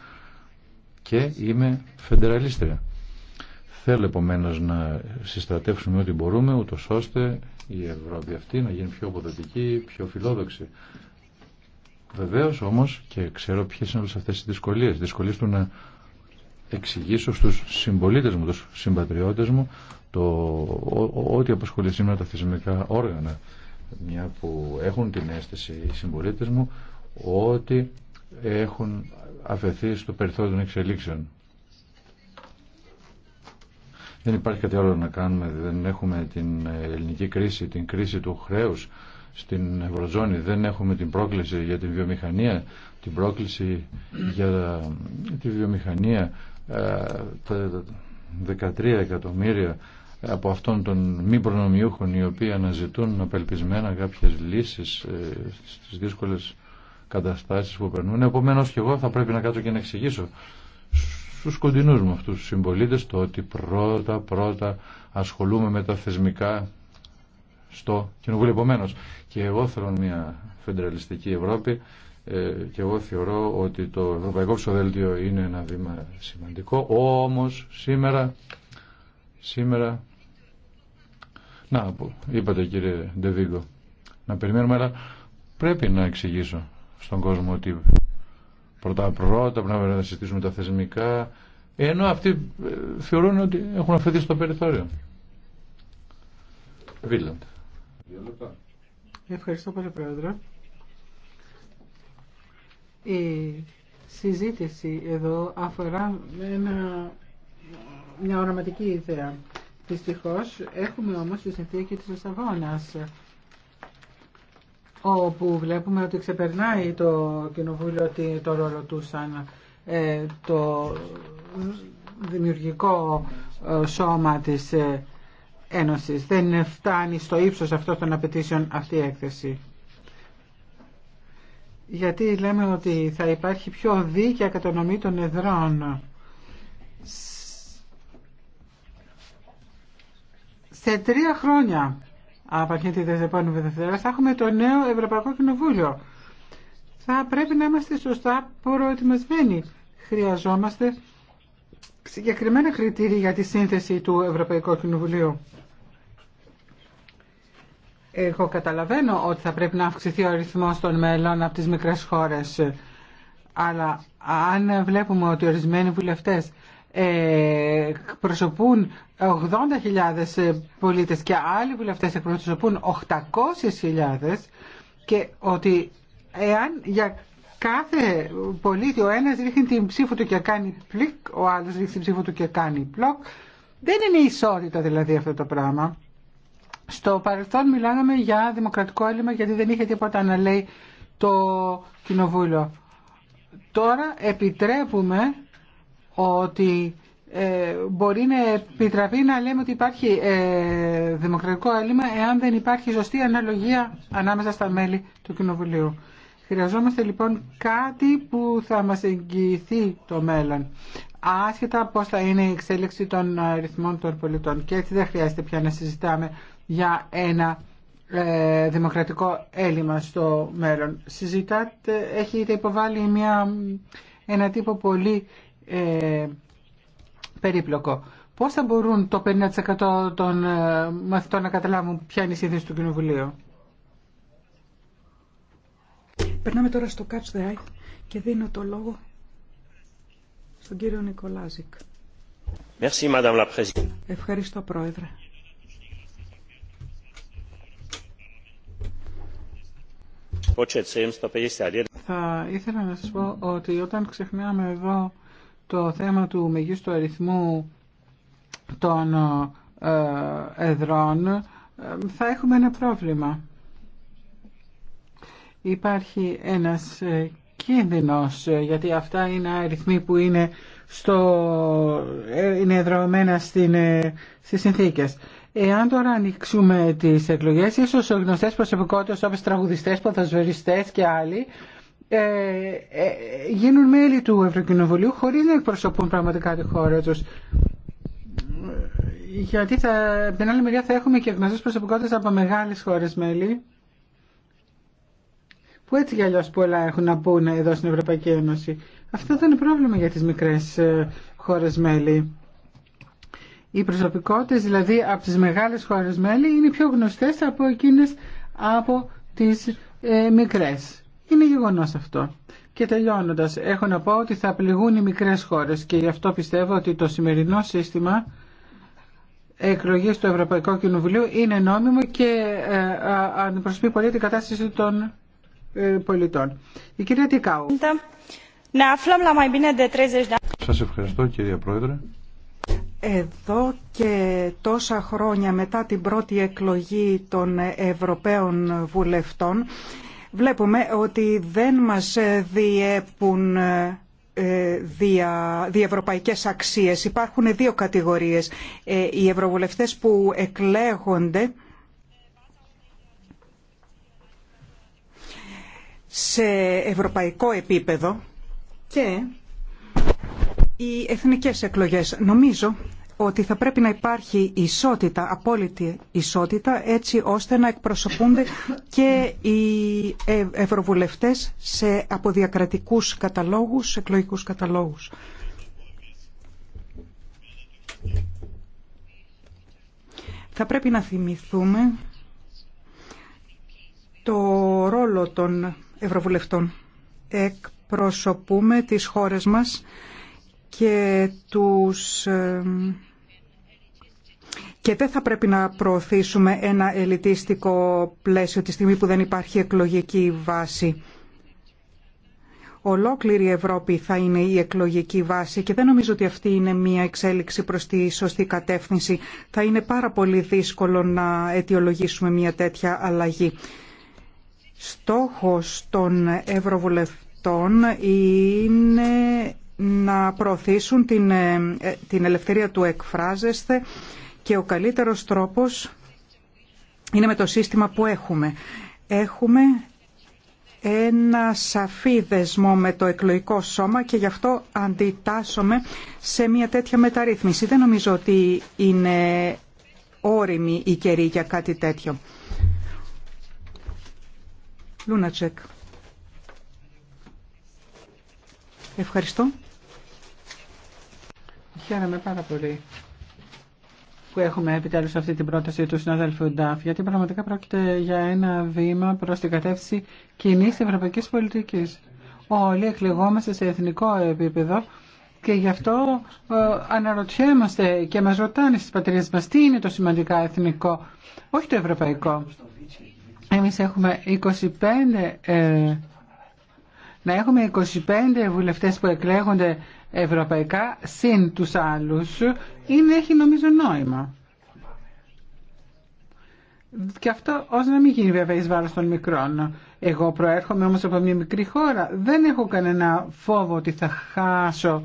και είμαι φεντεραλίστρια. Θέλω επομένως να συστρατεύσουμε ό,τι μπορούμε ούτω ώστε η Ευρώπη αυτή να γίνει πιο αποδοτική, πιο φιλόδοξη. Βεβαίω όμως και ξέρω ποιες είναι όλες αυτές οι δυσκολίες. Δυσκολίες του να εξηγήσω στους συμπολίτες μου, τους συμπατριώτες μου το ό,τι απασχολεί σήμερα τα θεσμικά όργανα μια που έχουν την αίσθηση οι συμπολίτες μου ότι έχουν αφαιθεί στο περιθώριο των εξελίξεων. Δεν υπάρχει κάτι άλλο να κάνουμε, δεν έχουμε την ελληνική κρίση, την κρίση του χρέους στην Ευρωζώνη, δεν έχουμε την πρόκληση για την βιομηχανία, την πρόκληση για τη βιομηχανία ε, τα 13 εκατομμύρια από αυτών των μη προνομιούχων οι οποίοι αναζητούν απελπισμένα κάποιες λύσεις ε, στις δύσκολες καταστάσεις που περνούν. Επομένω και εγώ θα πρέπει να κάτσω και να εξηγήσω στους κοντινούς μου αυτούς τους συμπολίτες το ότι πρώτα πρώτα ασχολούμαι με τα θεσμικά στο κοινοβούλιο. Επομένως και εγώ θέλω μια φεντεραλιστική Ευρώπη ε, και εγώ θεωρώ ότι το Ευρωπαϊκό Ψοδέλτιο είναι ένα βήμα σημαντικό όμως σήμερα σήμερα να είπατε κύριε Ντεβίγκο να περιμένουμε αλλά πρέπει να εξηγήσω στον κόσμο ότι πρώτα πρώτα πρέπει να συζητήσουμε τα θεσμικά ενώ αυτοί ε, θεωρούν ότι έχουν αφαιθεί στο περιθώριο Βίλαντ Ευχαριστώ πολύ πρόεδρε η συζήτηση εδώ αφορά ένα, μια οραματική ιδέα. Δυστυχώ έχουμε όμως τη συνθήκη τη Λισαβόνα όπου βλέπουμε ότι ξεπερνάει το κοινοβούλιο ότι το ρόλο του σαν ε, το δημιουργικό ε, σώμα της ε, Ένωσης. Δεν φτάνει στο ύψος αυτό των απαιτήσεων αυτή η έκθεση γιατί λέμε ότι θα υπάρχει πιο δίκαια κατανομή των εδρών. Σε τρία χρόνια από αρχή τη θα έχουμε το νέο Ευρωπαϊκό Κοινοβούλιο. Θα πρέπει να είμαστε σωστά προετοιμασμένοι. Χρειαζόμαστε συγκεκριμένα κριτήρια για τη σύνθεση του Ευρωπαϊκού Κοινοβουλίου. Εγώ καταλαβαίνω ότι θα πρέπει να αυξηθεί ο αριθμός των μελών από τις μικρές χώρες. Αλλά αν βλέπουμε ότι ορισμένοι βουλευτές ε, προσωπούν 80.000 πολίτες και άλλοι βουλευτές εκπροσωπούν 800.000 και ότι εάν για κάθε πολίτη ο ένας ρίχνει την ψήφο του και κάνει πλικ, ο άλλος ρίχνει την ψήφο του και κάνει πλοκ, δεν είναι ισότητα δηλαδή αυτό το πράγμα. Στο παρελθόν μιλάγαμε για δημοκρατικό έλλειμμα γιατί δεν είχε τίποτα να λέει το κοινοβούλιο. Τώρα επιτρέπουμε ότι ε, μπορεί να επιτραπεί να λέμε ότι υπάρχει ε, δημοκρατικό έλλειμμα εάν δεν υπάρχει ζωστή αναλογία ανάμεσα στα μέλη του Κοινοβουλίου. Χρειαζόμαστε λοιπόν κάτι που θα μας εγγυηθεί το μέλλον, άσχετα πώς θα είναι η εξέλιξη των αριθμών των πολιτών. Και έτσι δεν χρειάζεται πια να συζητάμε για ένα ε, δημοκρατικό έλλειμμα στο μέλλον. Συζητάτε, έχετε υποβάλει μια, ένα τύπο πολύ ε, περίπλοκο. Πώς θα μπορούν το 50% των ε, μαθητών να καταλάβουν ποια είναι η σύνθεση του Κοινοβουλίου. Περνάμε τώρα στο Catch the Eye και δίνω το λόγο στον κύριο Νικολάζικ. Ευχαριστώ, Πρόεδρε. Θα ήθελα να σας πω ότι όταν ξεχνάμε εδώ το θέμα του μεγίστου αριθμού των ε, εδρών ε, θα έχουμε ένα πρόβλημα. Υπάρχει ένας ε, κίνδυνος γιατί αυτά είναι αριθμοί που είναι, στο, είναι εδρωμένα στην, στις συνθήκες. Εάν τώρα ανοίξουμε τις εκλογές, ίσως γνωστέ προσωπικότητε όπω τραγουδιστέ ποδοσφαιριστέ και άλλοι, ε, ε, γίνουν μέλη του Ευρωκοινοβουλίου χωρίς να εκπροσωπούν πραγματικά τη χώρα τους. Γιατί θα, από την άλλη μεριά θα έχουμε και γνωστές προσωπικότητες από μεγάλες χώρες μέλη που έτσι κι αλλιώς πολλά έχουν να πούνε εδώ στην Ευρωπαϊκή Ένωση. Αυτό δεν είναι πρόβλημα για τις μικρές ε, χώρες μέλη. Οι προσωπικότητες δηλαδή από τις μεγάλες χώρες μέλη είναι πιο γνωστές από εκείνες από τις ε, μικρές. Είναι γεγονός αυτό. Και τελειώνοντας, έχω να πω ότι θα πληγούν οι μικρές χώρες και γι' αυτό πιστεύω ότι το σημερινό σύστημα εκλογής του Ευρωπαϊκού Κοινοβουλίου είναι νόμιμο και ε, αντιπροσωπεί πολύ την κατάσταση των ε, πολιτών. Η κυρία Τικάου. Σας ευχαριστώ κυρία Πρόεδρε. Εδώ και τόσα χρόνια μετά την πρώτη εκλογή των Ευρωπαίων Βουλευτών βλέπουμε ότι δεν μας διέπουν ε, διευρωπαϊκές αξίες. Υπάρχουν δύο κατηγορίες. Ε, οι ευρωβουλευτές που εκλέγονται σε ευρωπαϊκό επίπεδο και οι εθνικές εκλογές. Νομίζω ότι θα πρέπει να υπάρχει ισότητα, απόλυτη ισότητα, έτσι ώστε να εκπροσωπούνται και οι ε, ευρωβουλευτές σε αποδιακρατικούς καταλόγους, εκλογικούς καταλόγους. Θα πρέπει να θυμηθούμε το ρόλο των ευρωβουλευτών. Εκπροσωπούμε τις χώρες μας και τους και δεν θα πρέπει να προωθήσουμε ένα ελιτίστικο πλαίσιο τη στιγμή που δεν υπάρχει εκλογική βάση. Ολόκληρη η Ευρώπη θα είναι η εκλογική βάση και δεν νομίζω ότι αυτή είναι μια εξέλιξη προς τη σωστή κατεύθυνση. Θα είναι πάρα πολύ δύσκολο να αιτιολογήσουμε μια τέτοια αλλαγή. Στόχος των Ευρωβουλευτών είναι να προωθήσουν την, ε, ε, την ελευθερία του εκφράζεσθε και ο καλύτερος τρόπος είναι με το σύστημα που έχουμε. Έχουμε ένα σαφή δεσμό με το εκλογικό σώμα και γι' αυτό αντιτάσσομαι σε μια τέτοια μεταρρύθμιση. Δεν νομίζω ότι είναι όριμη η καιρή για κάτι τέτοιο. Λούνατσεκ. Ευχαριστώ. Χαίρομαι πάρα πολύ που έχουμε επιτέλους αυτή την πρόταση του συνάδελφου Ντάφ, γιατί πραγματικά πρόκειται για ένα βήμα προς την κατεύθυνση κοινή ευρωπαϊκής πολιτικής. Όλοι εκλεγόμαστε σε εθνικό επίπεδο και γι' αυτό ε, αναρωτιέμαστε και μας ρωτάνε στις πατρίες μας τι είναι το σημαντικά εθνικό, όχι το ευρωπαϊκό. Εμείς έχουμε 25 ε, να έχουμε 25 βουλευτές που εκλέγονται ευρωπαϊκά συν τους άλλους είναι, έχει νομίζω νόημα. Και αυτό ως να μην γίνει βέβαια εις βάρος των μικρών. Εγώ προέρχομαι όμως από μια μικρή χώρα. Δεν έχω κανένα φόβο ότι θα χάσω,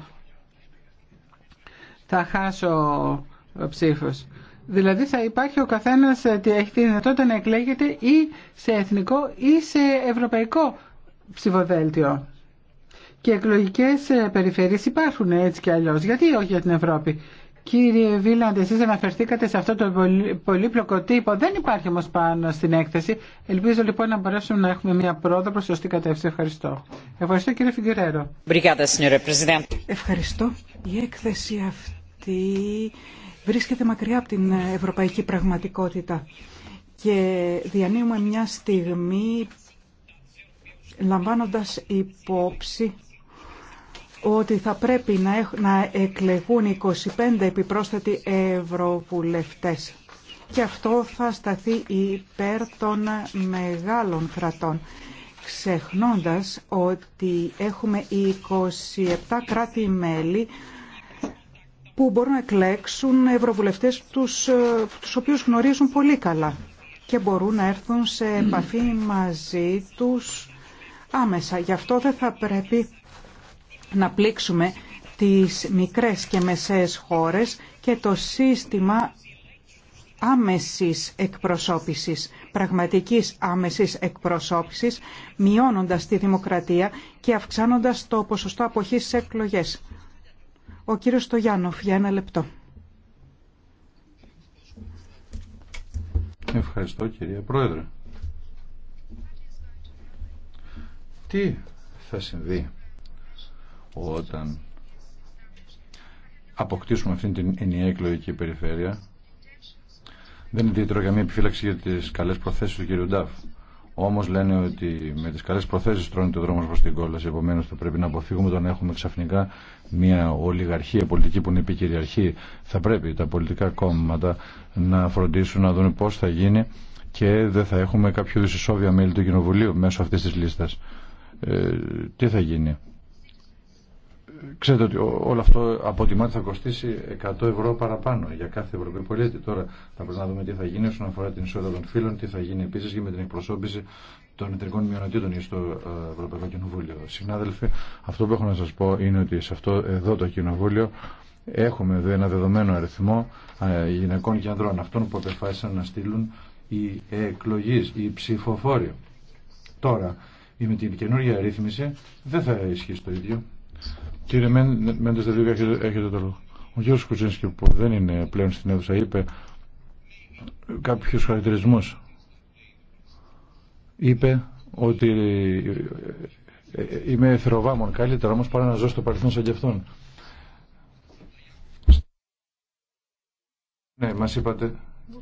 θα χάσω ψήφους. Δηλαδή θα υπάρχει ο καθένας ότι ε, έχει τη δυνατότητα να εκλέγεται ή σε εθνικό ή σε ευρωπαϊκό ψηφοδέλτιο και εκλογικέ ε, περιφέρειε υπάρχουν έτσι και αλλιώ, Γιατί όχι για την Ευρώπη. Κύριε Βίλαντ, εσεί αναφερθήκατε σε αυτό το πολύπλοκο τύπο. Δεν υπάρχει όμω πάνω στην έκθεση. Ελπίζω λοιπόν να μπορέσουμε να έχουμε μια πρόοδο προ σωστή κατεύθυνση. Ευχαριστώ. Ευχαριστώ κύριε Φιγκερέρο. Ευχαριστώ. Η έκθεση αυτή βρίσκεται μακριά από την ευρωπαϊκή πραγματικότητα και διανύουμε μια στιγμή λαμβάνοντας υπόψη ότι θα πρέπει να, να εκλεγούν 25 επιπρόσθετοι ευρωβουλευτές. Και αυτό θα σταθεί υπέρ των μεγάλων κρατών, ξεχνώντας ότι έχουμε 27 κράτη-μέλη που μπορούν να εκλέξουν ευρωβουλευτές τους, ε, τους οποίους γνωρίζουν πολύ καλά και μπορούν να έρθουν σε επαφή μαζί τους άμεσα. Γι' αυτό δεν θα πρέπει να πλήξουμε τις μικρές και μεσαίες χώρες και το σύστημα άμεσης εκπροσώπησης, πραγματικής άμεσης εκπροσώπησης, μειώνοντας τη δημοκρατία και αυξάνοντας το ποσοστό αποχής στις εκλογές. Ο κύριος Στογιάννοφ, για ένα λεπτό. Ευχαριστώ κυρία Πρόεδρε. Τι θα συμβεί όταν αποκτήσουμε αυτήν την ενιαία εκλογική περιφέρεια δεν είναι για καμία επιφύλαξη για τι καλέ προθέσει του κ. Νταφ. Όμω λένε ότι με τι καλέ προθέσει τρώνε το δρόμο προ την κόλαση. Επομένω, θα πρέπει να αποφύγουμε το να έχουμε ξαφνικά μια ολιγαρχία πολιτική που είναι επικυριαρχή. Θα πρέπει τα πολιτικά κόμματα να φροντίσουν να δουν πώ θα γίνει και δεν θα έχουμε κάποιο δυσυσόβια μέλη του Κοινοβουλίου μέσω αυτή τη λίστα. Ε, τι θα γίνει. Ξέρετε ότι όλο αυτό από τη μάτι θα κοστίσει 100 ευρώ παραπάνω για κάθε Ευρωπαίο πολίτη. Τώρα θα πρέπει να δούμε τι θα γίνει όσον αφορά την ισότητα των φύλων, τι θα γίνει επίση και με την εκπροσώπηση των εταιρικών μειονοτήτων στο ε, Ευρωπαϊκό Κοινοβούλιο. Συνάδελφοι, αυτό που έχω να σα πω είναι ότι σε αυτό εδώ το Κοινοβούλιο έχουμε εδώ ένα δεδομένο αριθμό ε, γυναικών και ανδρών αυτών που αποφάσισαν να στείλουν οι εκλογεί, οι ψηφοφόροι. Τώρα, με την καινούργια ρύθμιση δεν θα ισχύσει το ίδιο. Κύριε Μέντε Δεδίου, έχετε, έχετε το λόγο. Ο κύριος Κουτσίνσκι που δεν είναι πλέον στην αίθουσα είπε κάποιου χαρακτηρισμού Είπε ότι ε, ε, ε, είμαι θεροβάμων καλύτερα όμω παρά να ζω στο παρελθόν σαν κι αυτόν. Ναι, μα είπατε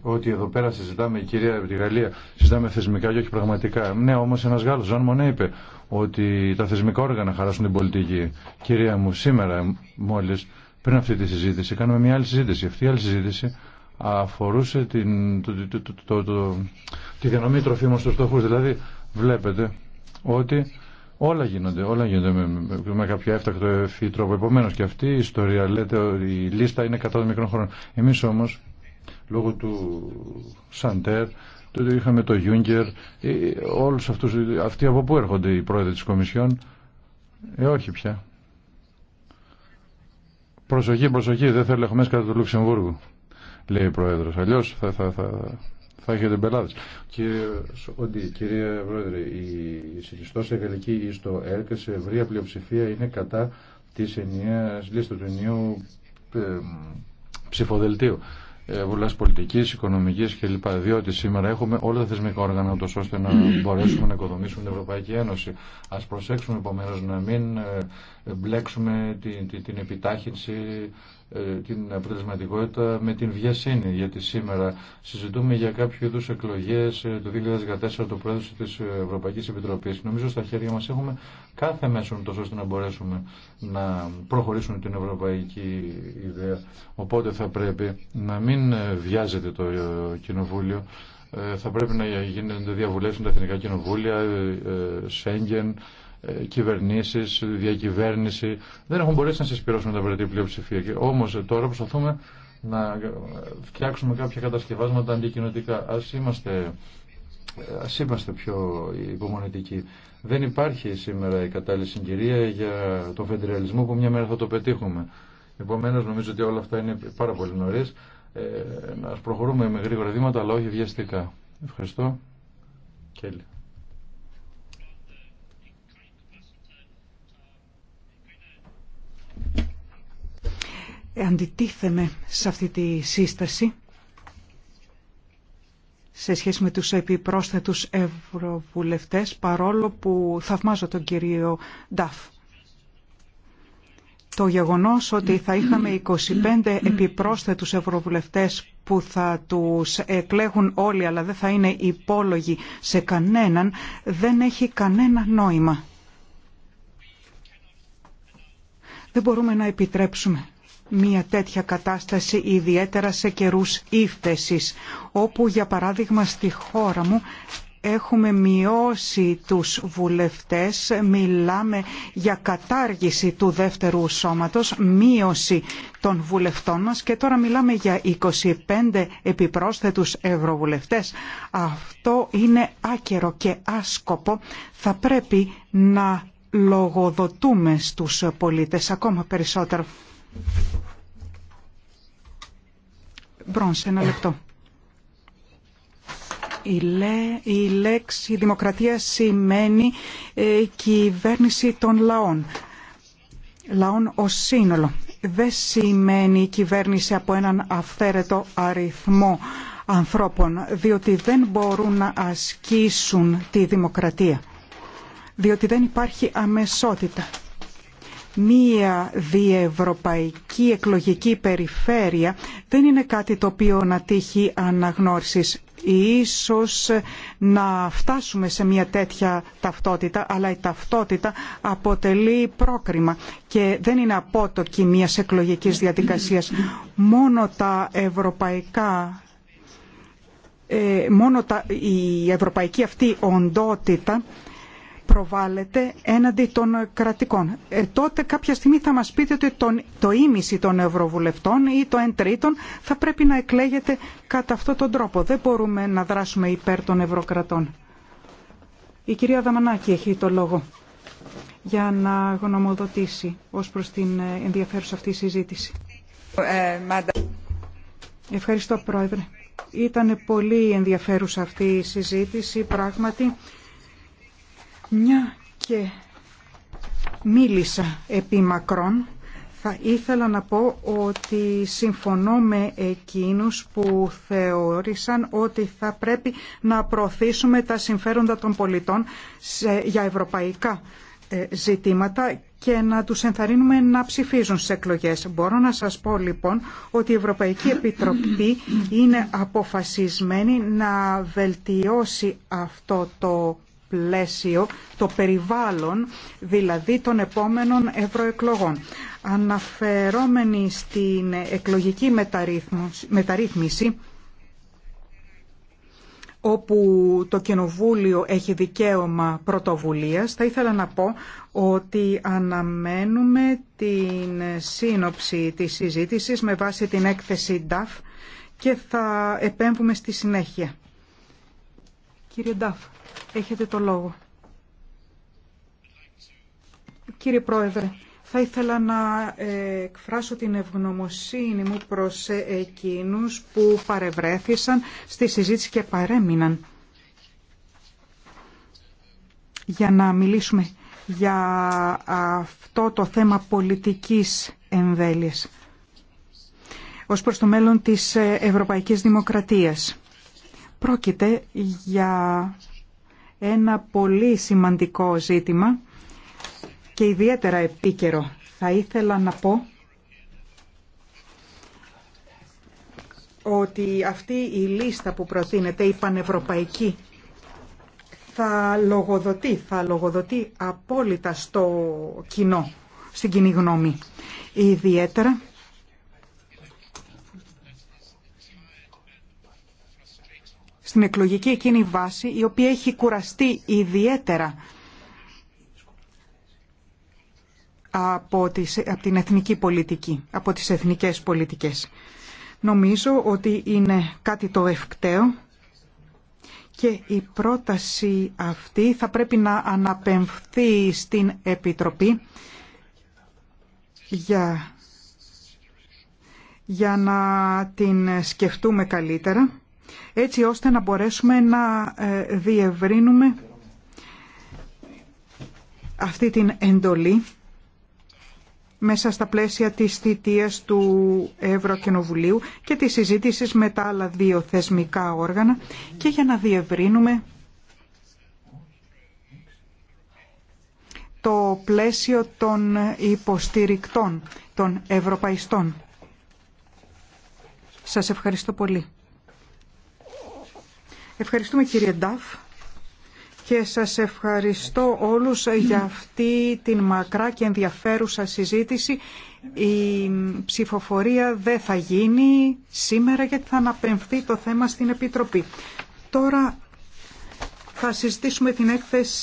ότι εδώ πέρα συζητάμε, η κυρία από τη Γαλλία, συζητάμε θεσμικά και όχι πραγματικά. Ναι, όμω ένα Γάλλο, Ζαν Μονέ, είπε ότι τα θεσμικά όργανα χαράσουν την πολιτική. Κυρία μου, σήμερα μόλι, πριν αυτή τη συζήτηση, κάνουμε μια άλλη συζήτηση. Αυτή η άλλη συζήτηση αφορούσε την, το, το, το, τη διανομή τροφίμων στου φτωχού. Δηλαδή, βλέπετε ότι όλα γίνονται, όλα γίνονται με, με, με κάποιο έφτακτο τρόπο. Επομένω, και αυτή η ιστορία λέτε ότι η λίστα είναι κατά των μικρών χρόνων. Εμεί όμω λόγω του Σαντέρ, τότε είχαμε το Γιούγκερ, ε, όλους αυτούς, αυτοί από πού έρχονται οι πρόεδροι της Κομισιόν. Ε, όχι πια. Προσοχή, προσοχή, δεν θέλω μέσα κατά του Λουξεμβούργου, λέει η πρόεδρος. Αλλιώς θα, θα, θα, θα έχετε πελάτε. Κύριε Σοκοντή, κύριε Πρόεδρε, η συνιστόσα γαλλική στο ΕΡΚ σε ευρία πλειοψηφία είναι κατά τη ενιαίας λίστα του ενιαίου ε, ψηφοδελτίου βουλά πολιτική, οικονομική κλπ. Διότι σήμερα έχουμε όλα τα θεσμικά όργανα ώστε να μπορέσουμε να οικοδομήσουμε την Ευρωπαϊκή Ένωση. Α προσέξουμε επομένω να μην ε, μπλέξουμε την, την, την επιτάχυνση ε, την αποτελεσματικότητα με την βιασύνη γιατί σήμερα συζητούμε για κάποιο είδους εκλογές ε, το 2014 το πρόεδρο της Ευρωπαϊκής Επιτροπής νομίζω στα χέρια μας έχουμε κάθε μέσο τόσο ώστε να μπορέσουμε να προχωρήσουμε την ευρωπαϊκή ιδέα οπότε θα πρέπει να μην βιάζεται το ε, κοινοβούλιο θα πρέπει να γίνονται τα εθνικά κοινοβούλια, Σέγγεν, ε, Κυβερνήσει, διακυβέρνηση. Δεν έχουν μπορέσει να συσπηρώσουν τα βρετή πλειοψηφία. Όμω ε, τώρα προσπαθούμε να ε, φτιάξουμε κάποια κατασκευάσματα αντικοινωτικά. Α είμαστε, είμαστε πιο υπομονετικοί. Δεν υπάρχει σήμερα η κατάλληλη συγκυρία για τον φεντρεαλισμό που μια μέρα θα το πετύχουμε. Επομένω, νομίζω ότι όλα αυτά είναι πάρα πολύ νωρί. Ε, να προχωρούμε με γρήγορα βήματα, αλλά όχι βιαστικά. Ευχαριστώ. Κέλλη. αντιτίθεμαι σε αυτή τη σύσταση σε σχέση με τους επιπρόσθετους ευρωβουλευτές παρόλο που θαυμάζω τον κύριο Νταφ. Το γεγονός ότι θα είχαμε 25 επιπρόσθετους ευρωβουλευτές που θα τους εκλέγουν όλοι αλλά δεν θα είναι υπόλογοι σε κανέναν δεν έχει κανένα νόημα. Δεν μπορούμε να επιτρέψουμε μια τέτοια κατάσταση ιδιαίτερα σε καιρούς ύφτεσης όπου για παράδειγμα στη χώρα μου έχουμε μειώσει τους βουλευτές, μιλάμε για κατάργηση του δεύτερου σώματος, μείωση των βουλευτών μας και τώρα μιλάμε για 25 επιπρόσθετους ευρωβουλευτές. Αυτό είναι άκερο και άσκοπο. Θα πρέπει να λογοδοτούμε στους πολίτες ακόμα περισσότερο λεπτό. Η, λέξη δημοκρατία σημαίνει ε, κυβέρνηση των λαών. Λαών ω σύνολο. Δεν σημαίνει κυβέρνηση από έναν αυθαίρετο αριθμό ανθρώπων, διότι δεν μπορούν να ασκήσουν τη δημοκρατία. Διότι δεν υπάρχει αμεσότητα μία διευρωπαϊκή εκλογική περιφέρεια δεν είναι κάτι το οποίο να τύχει αναγνώρισης. Ίσως να φτάσουμε σε μια τέτοια ταυτότητα, αλλά η ταυτότητα αποτελεί πρόκριμα και δεν είναι απότοκη μιας εκλογικής διαδικασίας. Μόνο τα ευρωπαϊκά ε, μόνο τα, η ευρωπαϊκή αυτή οντότητα προβάλλεται έναντι των κρατικών. Ε, τότε κάποια στιγμή θα μας πείτε ότι τον, το ίμιση των ευρωβουλευτών ή το εν τρίτον θα πρέπει να εκλέγεται κατά αυτόν τον τρόπο. Δεν μπορούμε να δράσουμε υπέρ των ευρωκρατών. Η κυρία Δαμανάκη έχει το λόγο για να γνωμοδοτήσει ως προς την ε, ενδιαφέρουσα αυτή συζήτηση. Ε, Ευχαριστώ Πρόεδρε. Ήταν πολύ ενδιαφέρουσα αυτή η συζήτηση πράγματι μια και μίλησα επί μακρόν, θα ήθελα να πω ότι συμφωνώ με εκείνους που θεώρησαν ότι θα πρέπει να προωθήσουμε τα συμφέροντα των πολιτών για ευρωπαϊκά ε, ζητήματα και να τους ενθαρρύνουμε να ψηφίζουν στις εκλογές. Μπορώ να σας πω λοιπόν ότι η Ευρωπαϊκή Επιτροπή είναι αποφασισμένη να βελτιώσει αυτό το πλαίσιο, το περιβάλλον, δηλαδή των επόμενων ευρωεκλογών. Αναφερόμενοι στην εκλογική μεταρρύθμιση, όπου το Κοινοβούλιο έχει δικαίωμα πρωτοβουλίας, θα ήθελα να πω ότι αναμένουμε την σύνοψη της συζήτησης με βάση την έκθεση DAF και θα επέμβουμε στη συνέχεια. Κύριε Ντάφ, έχετε το λόγο. Κύριε Πρόεδρε, θα ήθελα να ε, εκφράσω την ευγνωμοσύνη μου προς ε, εκείνους που παρευρέθησαν στη συζήτηση και παρέμειναν για να μιλήσουμε για αυτό το θέμα πολιτικής εμβέλειας ως προς το μέλλον της ε, Ευρωπαϊκής Δημοκρατίας. Πρόκειται για ένα πολύ σημαντικό ζήτημα και ιδιαίτερα επίκαιρο. Θα ήθελα να πω ότι αυτή η λίστα που προτείνεται, η πανευρωπαϊκή, θα λογοδοτεί, θα λογοδοτεί απόλυτα στο κοινό, στην κοινή γνώμη. Ιδιαίτερα στην εκλογική εκείνη βάση η οποία έχει κουραστεί ιδιαίτερα από, τις, από την εθνική πολιτική, από τις εθνικές πολιτικές. Νομίζω ότι είναι κάτι το ευκταίο και η πρόταση αυτή θα πρέπει να αναπεμφθεί στην Επιτροπή για, για να την σκεφτούμε καλύτερα έτσι ώστε να μπορέσουμε να ε, διευρύνουμε αυτή την εντολή μέσα στα πλαίσια της θητείας του Ευρωκοινοβουλίου και της συζήτησης με τα άλλα δύο θεσμικά όργανα και για να διευρύνουμε το πλαίσιο των υποστηρικτών, των ευρωπαϊστών. Σας ευχαριστώ πολύ. Ευχαριστούμε κύριε Νταφ και σας ευχαριστώ όλους για αυτή την μακρά και ενδιαφέρουσα συζήτηση. Η ψηφοφορία δεν θα γίνει σήμερα γιατί θα αναπαιμφθεί το θέμα στην Επιτροπή. Τώρα θα συζητήσουμε την έκθεση